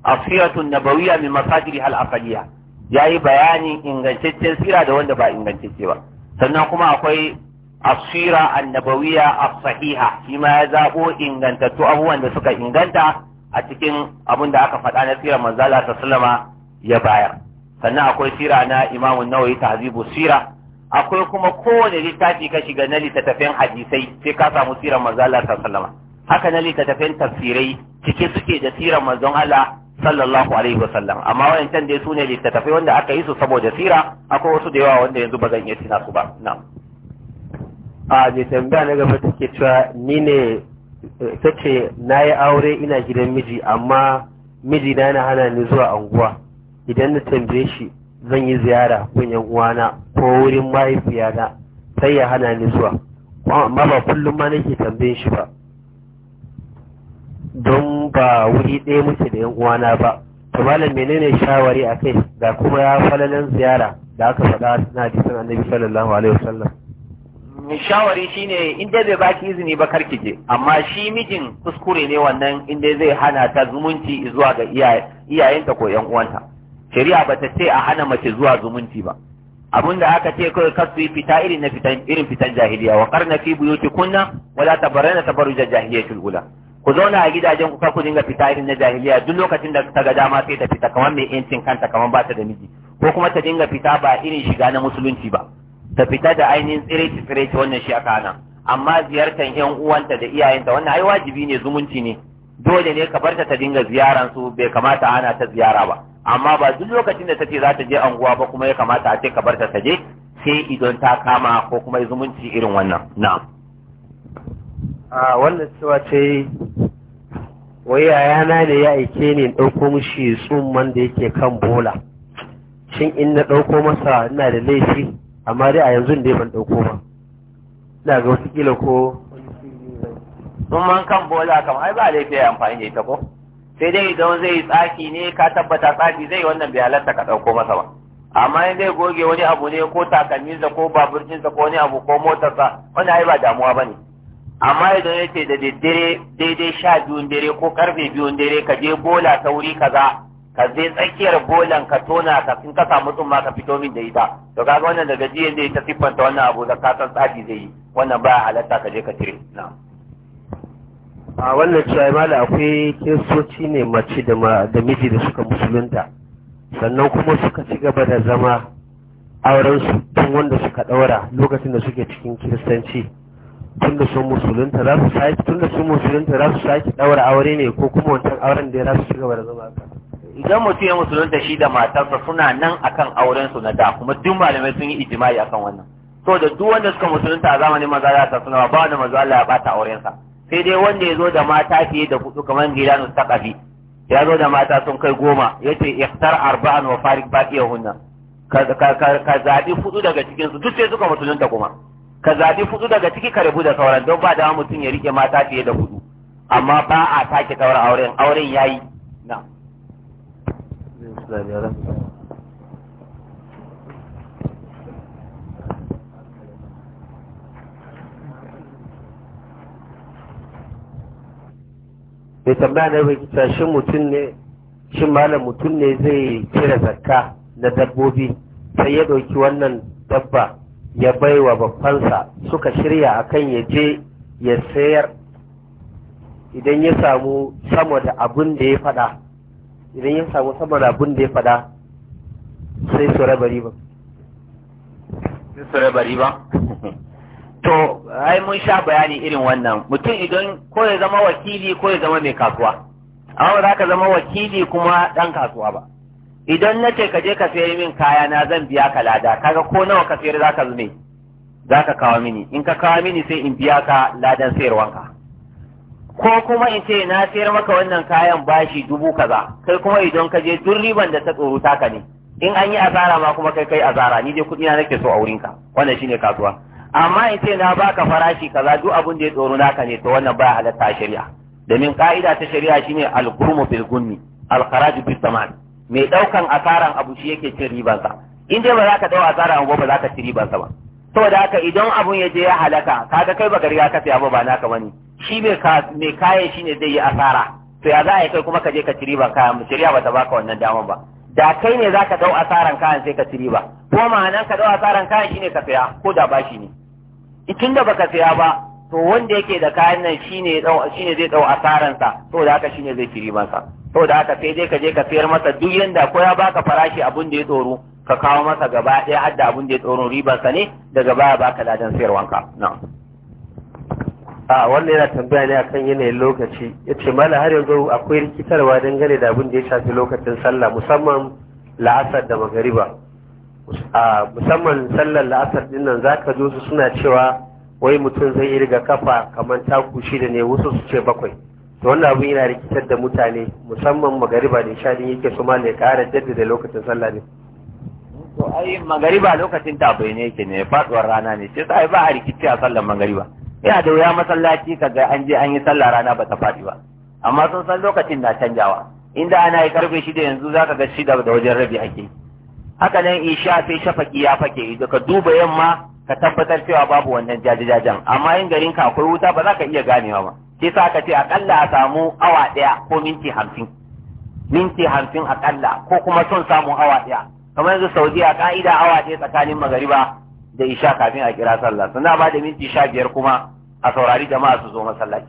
asiratun nabawiya min masadiri hal asaliya yayi bayanin ingantaccen sira da wanda ba ingantacce ba sannan kuma akwai asira annabawiya as-sahiha ya zabo ingantattu abubuwan da suka inganta a cikin abin aka faɗa na sirar manzala ta sallama ya bayar sannan akwai sira na imamun nawawi tahzibu akwai kuma kowane littafi ka shiga na littattafan hadisai sai ka samu sirar manzala ta haka na littattafan tafsirai cike suke da sirar manzon Allah sallallahu alaihi wasallam amma wayancan dai su ne littattafai wanda aka yi su saboda sira akwai wasu da yawa wanda yanzu ba zan iya tina su ba a mai tambaya na gaba take cewa ni ne ta ce na yi aure ina gidan miji amma miji na yana hana ni zuwa anguwa idan na tambaye shi zan yi ziyara kun yan uwana ko wurin mahaifiyana sai ya hana ni zuwa amma ba kullum ma nake tambayin shi ba don ba wuri ɗaya muke da yan uwana ba to malam menene shawari a kai ga kuma ya falalan ziyara da aka faɗa na hadisin annabi sallallahu alaihi wasallam shawari shine in dai bai baki izini ba karki je amma shi mijin kuskure ne wannan inda dai zai hana ta zumunci zuwa ga iyayenta ko yan uwanta shari'a bata ce a hana mace zuwa zumunci ba da aka ce kawai kasu fita irin na fitan irin fitan jahiliya wa qarna fi buyutikunna wala tabarrana tabarruj jahiliyatul ula ku zauna a gidajen ku ku dinga fita irin na jahiliya duk lokacin da ta ga dama sai ta fita kamar mai yancin kanta kamar ba ta da miji ko kuma ta dinga fita ba irin shiga na musulunci ba ta fita da ainihin tsireci tsireci wannan shi aka hana amma ziyartar yan uwanta da iyayenta wannan ai wajibi ne zumunci ne dole ne ka barta ta dinga ziyaran su bai kamata ana ta ziyara ba amma ba duk lokacin da ce za ta je anguwa ba kuma ya kamata a ce ka barta ta je sai idan ta kama ko kuma zumunci irin wannan na'am a wannan cewa ce wai yayana ne ya aike ni in ɗauko tsumman da yake kan bola shin in na ɗauko masa ina da laifi amma dai a yanzu dai ban ɗauko ba ina ga wasu kila ko sun man kan bola kam ai ba laifi ya amfani da ita ko sai dai idan zai yi tsaki ne ka tabbata tsaki zai wannan bai halatta ka ɗauko masa ba amma in zai goge wani abu ne ko takalminsa ko baburcinsa ko wani abu ko motarsa wani ai ba damuwa ba ne amma idan ya ce da daddare daidai sha biyun dare ko karfe biyun dare ka je bola sauri kaza ka je tsakiyar bolan ka tona ka sun ka samu tsumma ka fito min da ita to kaga wannan daga jiya ne ta siffanta wannan abu da ka san zai yi wannan ba halatta ka je ka cire na'am a wannan cewa mala akwai kesoci ne mace da miji da suka musulunta sannan kuma suka ci gaba da zama auren su tun wanda suka daura lokacin da suke cikin kiristanci tun da sun musulunta za su sake tun da sun musulunta za su sake daura aure ne ko kuma wancan auren da ya za su ci gaba da zama ka. idan mutum ya musulunta shi da matarsa suna nan akan auren su na da kuma duk malamai sun yi ijimai akan wannan So, da duk wanda suka musulunta a zamanin maza za ta suna ba wanda maza Allah ya bata auren sa sai dai wanda ya zo da mata fiye da kudu kamar ta kafi ya zo da mata sun kai goma ce ikhtar arba'an wa farik baqiyahunna ka ka ka zabi hudu daga cikin su duk sai suka musulunta kuma ka zabi hudu daga ciki ka rabu da sauran don ba da mutum ya rike mata fiye da hudu amma ba a take daura auren auren yayi Mai tambaya na bai kita mutum ne shi malam mutum ne zai kira zakka na dabbobi sai ya ɗauki wannan dabba ya bai wa babbansa suka shirya akan ya je ya sayar idan ya samu sama da abin da ya faɗa idan ya samu saman rabun da ya fada sai su raba riba sai su raba riba to ai mun sha bayani irin wannan mutum idan ko ya zama wakili ko ya zama mai kasuwa amma za ka zama wakili kuma ɗan kasuwa ba idan na ce ka je ka sayar min kaya na zan biya ka lada kaga ko nawa ka sayar za ka zume za ka kawo mini in ka kawo mini sai in biya ka ladan sayarwanka ko kuma in ce na sayar maka wannan kayan bashi dubu kaza kai kuma idan ka je duk riban da ta tsoro taka ne in an yi asara ma kuma kai kai asara ni dai kudi na nake so a ka, wannan shine kasuwa amma in ce na baka farashi kaza duk abin da ya tsoro naka ne to wannan baya halatta a shari'a domin ka'ida ta shari'a shine al-gurmu bil gunni al kharaj bis mai daukan asaran abu shi yake cin ribansa in dai ba za ka dau asara abu ba za ka ci ribansa ba saboda haka idan abun ya je ya halaka kaga kai baka riga ka saya ba ba naka bane shi mai kaya shi ne zai yi asara to ya za a yi kai kuma ka je ka ciri ban kayan mu ba bata baka wannan damar ba da kai ne za ka dau asaran kayan sai ka ciri ba ko ma'anan ka dau asaran kayan shine ka saya ko da bashi ne tun da baka saya ba to wanda yake da kayan nan shine ne zai dau asaran sa to da haka shine zai ciri sa to da haka sai dai ka je ka sayar masa duk yanda ko ya baka farashi abun da ya tsoro ka kawo masa gaba ɗaya hadda abun da ya tsoro riban sa ne daga baya baka ladan sayarwanka na'am a wannan yana tambaya ne akan yanayin lokaci ya ce mana har yanzu akwai rikitarwa dangane da abin da ya shafi lokacin sallah musamman la'asar da magariba a musamman sallar la'asar din nan za ka zo su suna cewa wai mutum zai riga kafa kamar taku shida ne wasu su ce bakwai to wannan abin yana rikitar da mutane musamman magariba da sha yake su ma ne ƙara jaddada lokacin sallah ne to ai magariba lokacin tabai ne yake ne faduwar rana ne sai sai ba a rikici a sallar magariba Ya da wuya masallaci kaga an je an yi sallah rana ba ta faɗi ba amma sun san lokacin na canjawa inda ana yi karfe shida yanzu za ka ga shida da wajen rabi ake haka nan isha sai shafaki ya fake ka duba yamma ka tabbatar cewa babu wannan jajajajen amma in garin ka akwai wuta ba za ka iya ganewa ba sai sa ka ce akalla a samu awa ɗaya ko minti hamsin minti hamsin akalla ko kuma son samun awa ɗaya kamar yanzu saudiya ka'ida awa ɗaya tsakanin magariba da isha kafin a kira sallah Suna ba da minti sha biyar kuma a saurari jama'a su zo masallaci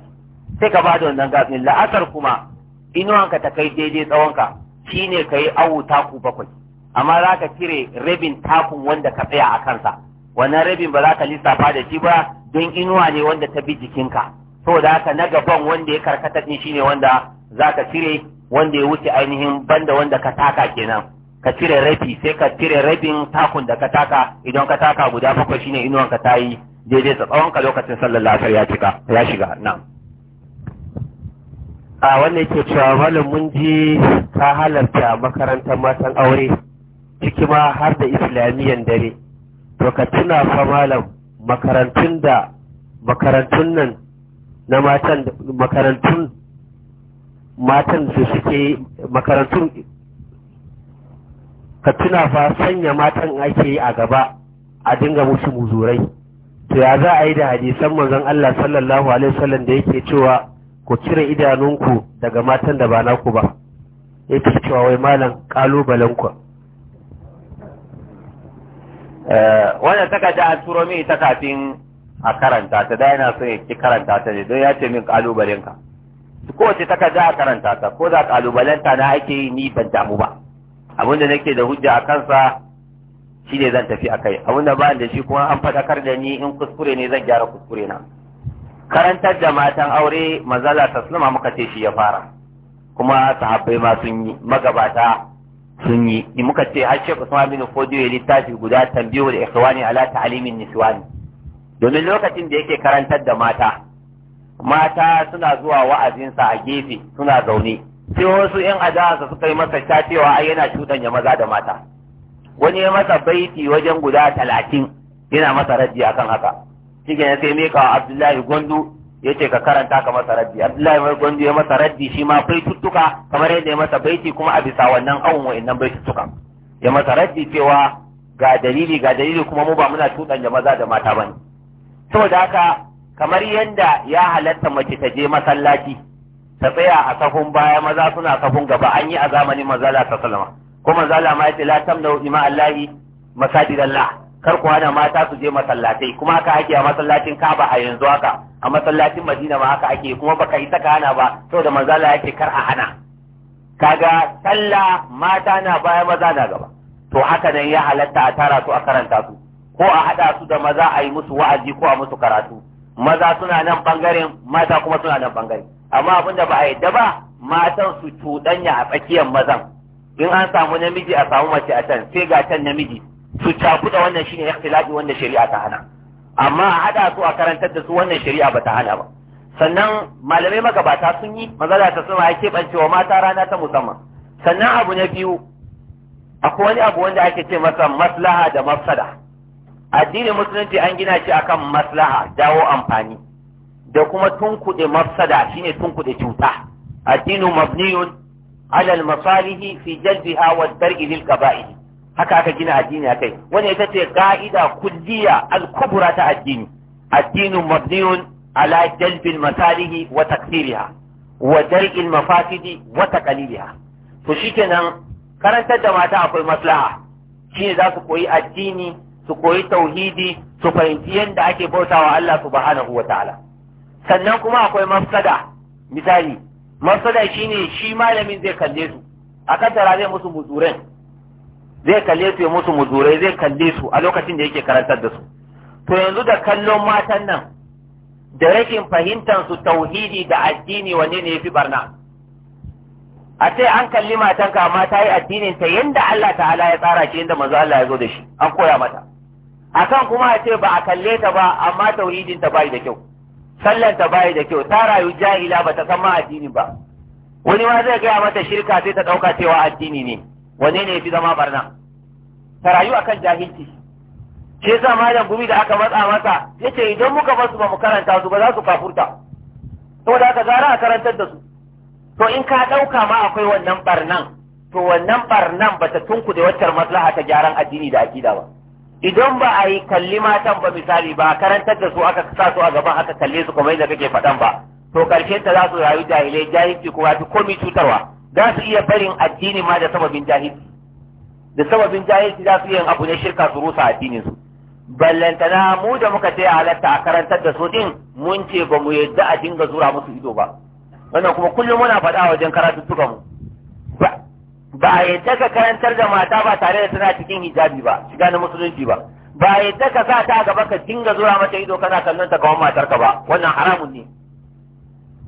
sai ka ba da wannan gafin la'asar kuma inuwanka ta kai daidai tsawonka shine ka yi awu taku bakwai amma za ka cire rabin takun wanda ka tsaya a kansa wannan rabin ba za ka lissafa da shi ba don inuwa ne wanda ta bi jikinka saboda haka na gaban wanda ya karkata din shine wanda za ka cire wanda ya wuce ainihin banda wanda ka taka kenan ka cire rabi sai ka cire rabin takun da ka taka idan ka taka guda bakwai shine inuwan ka tayi daidai ta tsawon ka lokacin sallar la'asar ya cika ya shiga nan a wannan ke cewa malam mun ji ka halarta makarantar matan aure ciki ma har da islamiyan dare to ka tuna fa malam makarantun da makarantun nan na matan makarantun matan su suke makarantun ka tuna fa sanya matan ake yi a gaba a dinga musu muzurai to ya za a yi da hadisan manzon Allah sallallahu alaihi wasallam da yake cewa ku cire idanunku daga matan da ba naku ba yake cewa wai malam kalubalen ku eh, wannan takarda an turo min ta kafin a karanta ta da yana so ya karanta ta ne don ya ce min kalubalen ka kowace takarda a karanta ta ko da kalubalenta na ake yi ni ban damu ba abin da nake da hujja a kansa shi ne zan tafi a kai abin da ba da shi kuma an faɗakar da ni in kuskure ne zan gyara kuskure na karantar da matan aure mazala suna muka ce shi ya fara kuma sahabbai ma sun yi magabata sun yi ni muka ce har shekku sama bin fodiyo ya littafi guda tambiyo da ikhwani ala ta'alimin niswani domin lokacin da yake karantar da mata mata suna zuwa wa'azinsa a gefe suna zaune sai wasu yan adawarsa suka yi masa ta cewa ai yana cuɗanya maza da mata wani ya masa baiti wajen guda talatin yana masa raddi akan haka Cikin ya sai mika abdullahi gwandu ya ce ka karanta ka masa raddi abdullahi mai gwandu ya masa raddi shi ma tuttuka kamar yadda ya masa baiti kuma a bisa wannan awon bai tuttuka ya masa raddi cewa ga dalili ga dalili kuma mu ba muna cuɗanya maza da mata ba ne. saboda haka kamar yadda ya halatta mace ta je masallaci ta tsaya a kafin baya maza suna kafin gaba an yi a zamanin mazala ta salama ko mazala ma yace la tamnau ima allahi allah kar ku hana mata su je masallatai kuma haka ake a masallacin Ka'aba a yanzu haka a masallacin Madina ma haka ake kuma baka isa ka hana ba saboda mazala yake kar a hana kaga sallah mata na baya maza na gaba to haka nan ya halatta a tara su a karanta su ko a haɗa su da maza a yi musu wa'azi ko a musu karatu maza suna nan ɓangaren mata kuma suna nan bangaren amma abin da ba a yadda ba matan su cuɗanya a tsakiyar mazan in an samu namiji a samu mace a can sai ga can namiji su da wannan shine ikhtilafi wanda shari'a ta hana amma a hada su a karantar da su wannan shari'a ba ta hana ba sannan malamai magabata sun yi mazala ta suna ya keɓancewa mata rana ta musamman sannan abu na biyu akwai wani abu wanda ake ce masa maslaha da mafsada addinin musulunci an gina shi akan maslaha dawo amfani da kuma tunkuɗe mafsada shine tunkuɗe cuta addinu mabniyun ala al-masalihi fi jalbiha wa dar'i lil haka aka gina addini akai wannan ita ce ga'ida kulliya al-kubra ta addini addinu mabniyun ala jalbil masalihi wa takthiriha wa dar'il mafasidi wa taqliliha to shikenan karantar da mata akwai maslaha shine za su koyi addini su koyi tauhidi su fahimci yadda ake bautawa Allah subhanahu wa ta'ala sannan kuma akwai mafsada misali mafsada shine shi malamin zai kalle su a tara zai musu muzurai zai kalle su ya musu muzurai zai kalle su a lokacin da yake karantar da su to yanzu da kallon matan nan da rashin fahimtar su tauhidi da addini wanne ne yafi barna a ce an kalli ka amma ta yi addinin ta yanda Allah ta'ala ya tsara shi yanda manzo Allah ya zo da shi an koya mata akan kuma a ce ba a kalle ta ba amma tauhidin ta bai da kyau sallanta bayi da kyau ta rayu jahila ba ta san ma addini ba wani ma zai gaya mata shirka sai ta ɗauka cewa addini ne wanne ne ya fi zama barna ta rayu akan jahilci Ke sa malam gumi da aka matsa masa yace idan muka basu ba mu karanta su ba za su kafurta to da aka zara a karantar da su to in ka ɗauka ma akwai wannan barnan to wannan barnan ba ta tunku da waccar maslaha ta gyaran addini da akida ba idan ba a yi kalli matan ba misali ba karantar da su aka sa su a gaban aka kalle su kamar yadda kake faɗan ba to karshen ta za su rayu jahilai jahilci ya fi komai cutarwa za su iya barin addini ma da sababin jahilci da sababin jahilci za su yin abu ne shirka su rusa addinin su ballantana mu da muka ce halatta a karantar da su din mun ce ba mu yadda a dinga zura musu ido ba wannan kuma kullum muna faɗa wajen karatu karatuttukan mu ba a yadda ka karantar da mata ba tare da tana cikin hijabi ba shiga na musulunci ba ba a yadda ka sa ta gaba ka dinga zura mata ido kana kallon ta kawon ka ba wannan haramun ne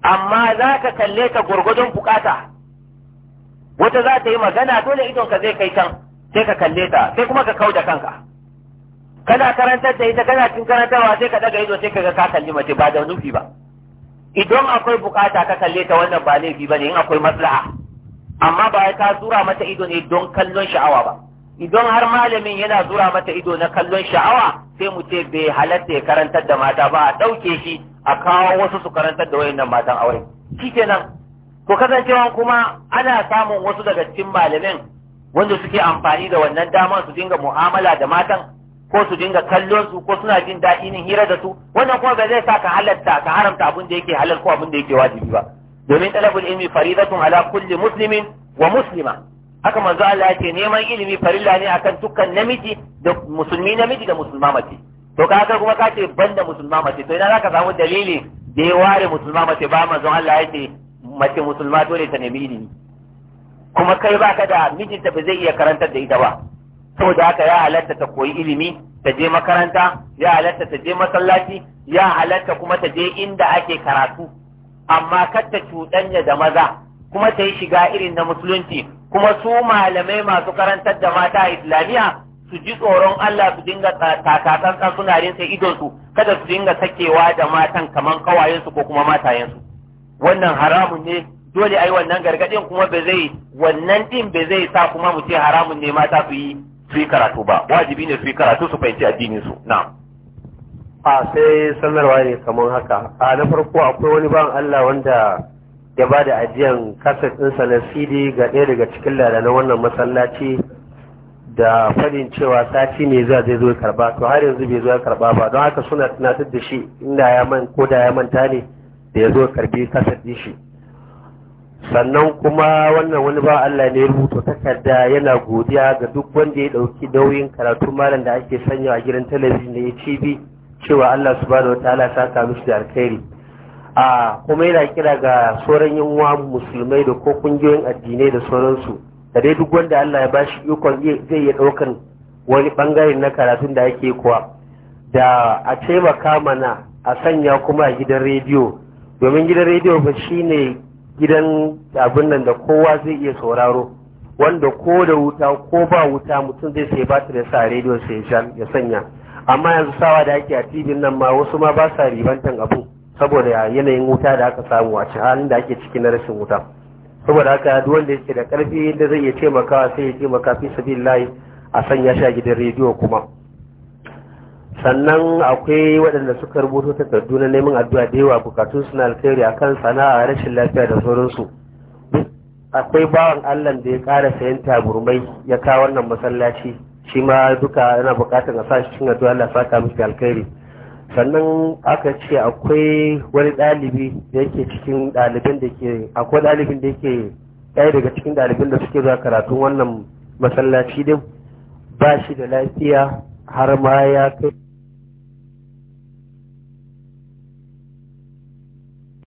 amma za ka kalle ta gwargwadon bukata wata za ta yi magana dole idon ka zai kai can sai ka kalle ta sai kuma ka kau da kanka kana karantar da ita kana cin karantarwa sai ka daga ido sai ka ga ka kalli mace ba da nufi ba idan akwai bukata ka kalle ta wannan ba laifi bane in akwai maslaha amma ba ta zura mata ido ne don kallon sha'awa ba idan har malamin yana zura mata ido na kallon sha'awa sai mu ce bai halatta ya karantar da mata ba a ɗauke shi a kawo wasu su karantar da wayannan matan aure shikenan ko kasancewa kuma ana samun wasu daga cikin malamin wanda suke amfani da wannan damar su dinga mu'amala da matan ko su dinga kallon su ko suna jin daɗi hira da su wannan kuma ba zai sa ka halatta ka haramta abin da yake halal ko abin da yake wajibi ba domin talabul ilmi faridatun ala kulli muslimin wa muslima haka manzo Allah ya ce neman ilimi farilla ne akan dukkan namiji da musulmi namiji da musulma mace to kaga kuma ka ce banda musulma mace to idan zaka samu dalili da ya ware musulma mace ba manzo Allah ya mace musulma dole ta nemi ilimi kuma kai baka da mijinta ba zai iya karantar da ita ba saboda haka ya halatta ta koyi ilimi ta je makaranta ya halatta ta je masallaci ya halatta kuma ta je inda ake karatu amma kata cuɗanya da maza kuma ta yi shiga irin na musulunci kuma su malamai masu karantar da mata a islamiyya su ji tsoron Allah su dinga kan suna rinsa idonsu kada su dinga sakewa da matan kaman kawayensu ko kuma matayensu wannan haramun ne dole ai wannan gargadin kuma ba zai wannan din ba zai sa kuma mu ce haramun ne mata su yi su yi karatu ba wajibi ne su yi karatu su fahimci addinin su na'am a sai sanarwa ne kamar haka a na farko akwai wani ban Allah wanda ya ba da ajiyan kaset ɗinsa na cd ga ɗaya daga cikin na wannan masallaci da fadin cewa sati ne za zai zo karba to har yanzu bai zo ya karba ba don haka suna tunatar da shi inda ya man ko da ya manta ne da ya zo karbi kasar din shi sannan kuma wannan wani ba Allah ne rubuta takarda yana godiya ga duk wanda ya ɗauki nauyin karatu malam da ake sanya a gidan talabijin da ya cibi e cewa Allah subhanahu bada ta saka shi da alkhairi a kuma yana kira ga sauran yunwa, musulmai da ko kungiyoyin addinai da sauransu da dai duk wanda Allah ya bashi ikon zai iya daukan wani bangare na karatun da ake kuwa da a taimaka mana a sanya kuma a gidan rediyo domin gidan rediyo fa shine gidan abin nan da kowa zai iya sauraro wanda ko da wuta ko ba wuta mutum zai sai ta ya sa rediyo sai ya sanya amma yanzu sawa da ake a tibin nan ma wasu ma ba sa ribantan abu saboda yanayin wuta da aka samu a halin da ake ciki na rashin wuta saboda haka duk wanda yake da karfi da zai iya taimakawa sai ya taimaka fi sabilillahi a sanya shi a gidan rediyo kuma sannan akwai waɗanda suka rubuto takardu na neman addu'a da yawa bukatun suna alkhairi akan sana'a rashin lafiya da sauransu akwai bawan Allah da ya ƙara sayan taburmai ya kawo wannan masallaci shi ma duka yana bukatar a sa cikin cin addu'a Allah saka mishi alkhairi sannan aka ce akwai wani ɗalibi da yake cikin ɗalibin da ke akwai dalibin da yake ɗaya daga cikin ɗalibin da suke zuwa karatun wannan masallaci din ba shi da lafiya har ma ya kai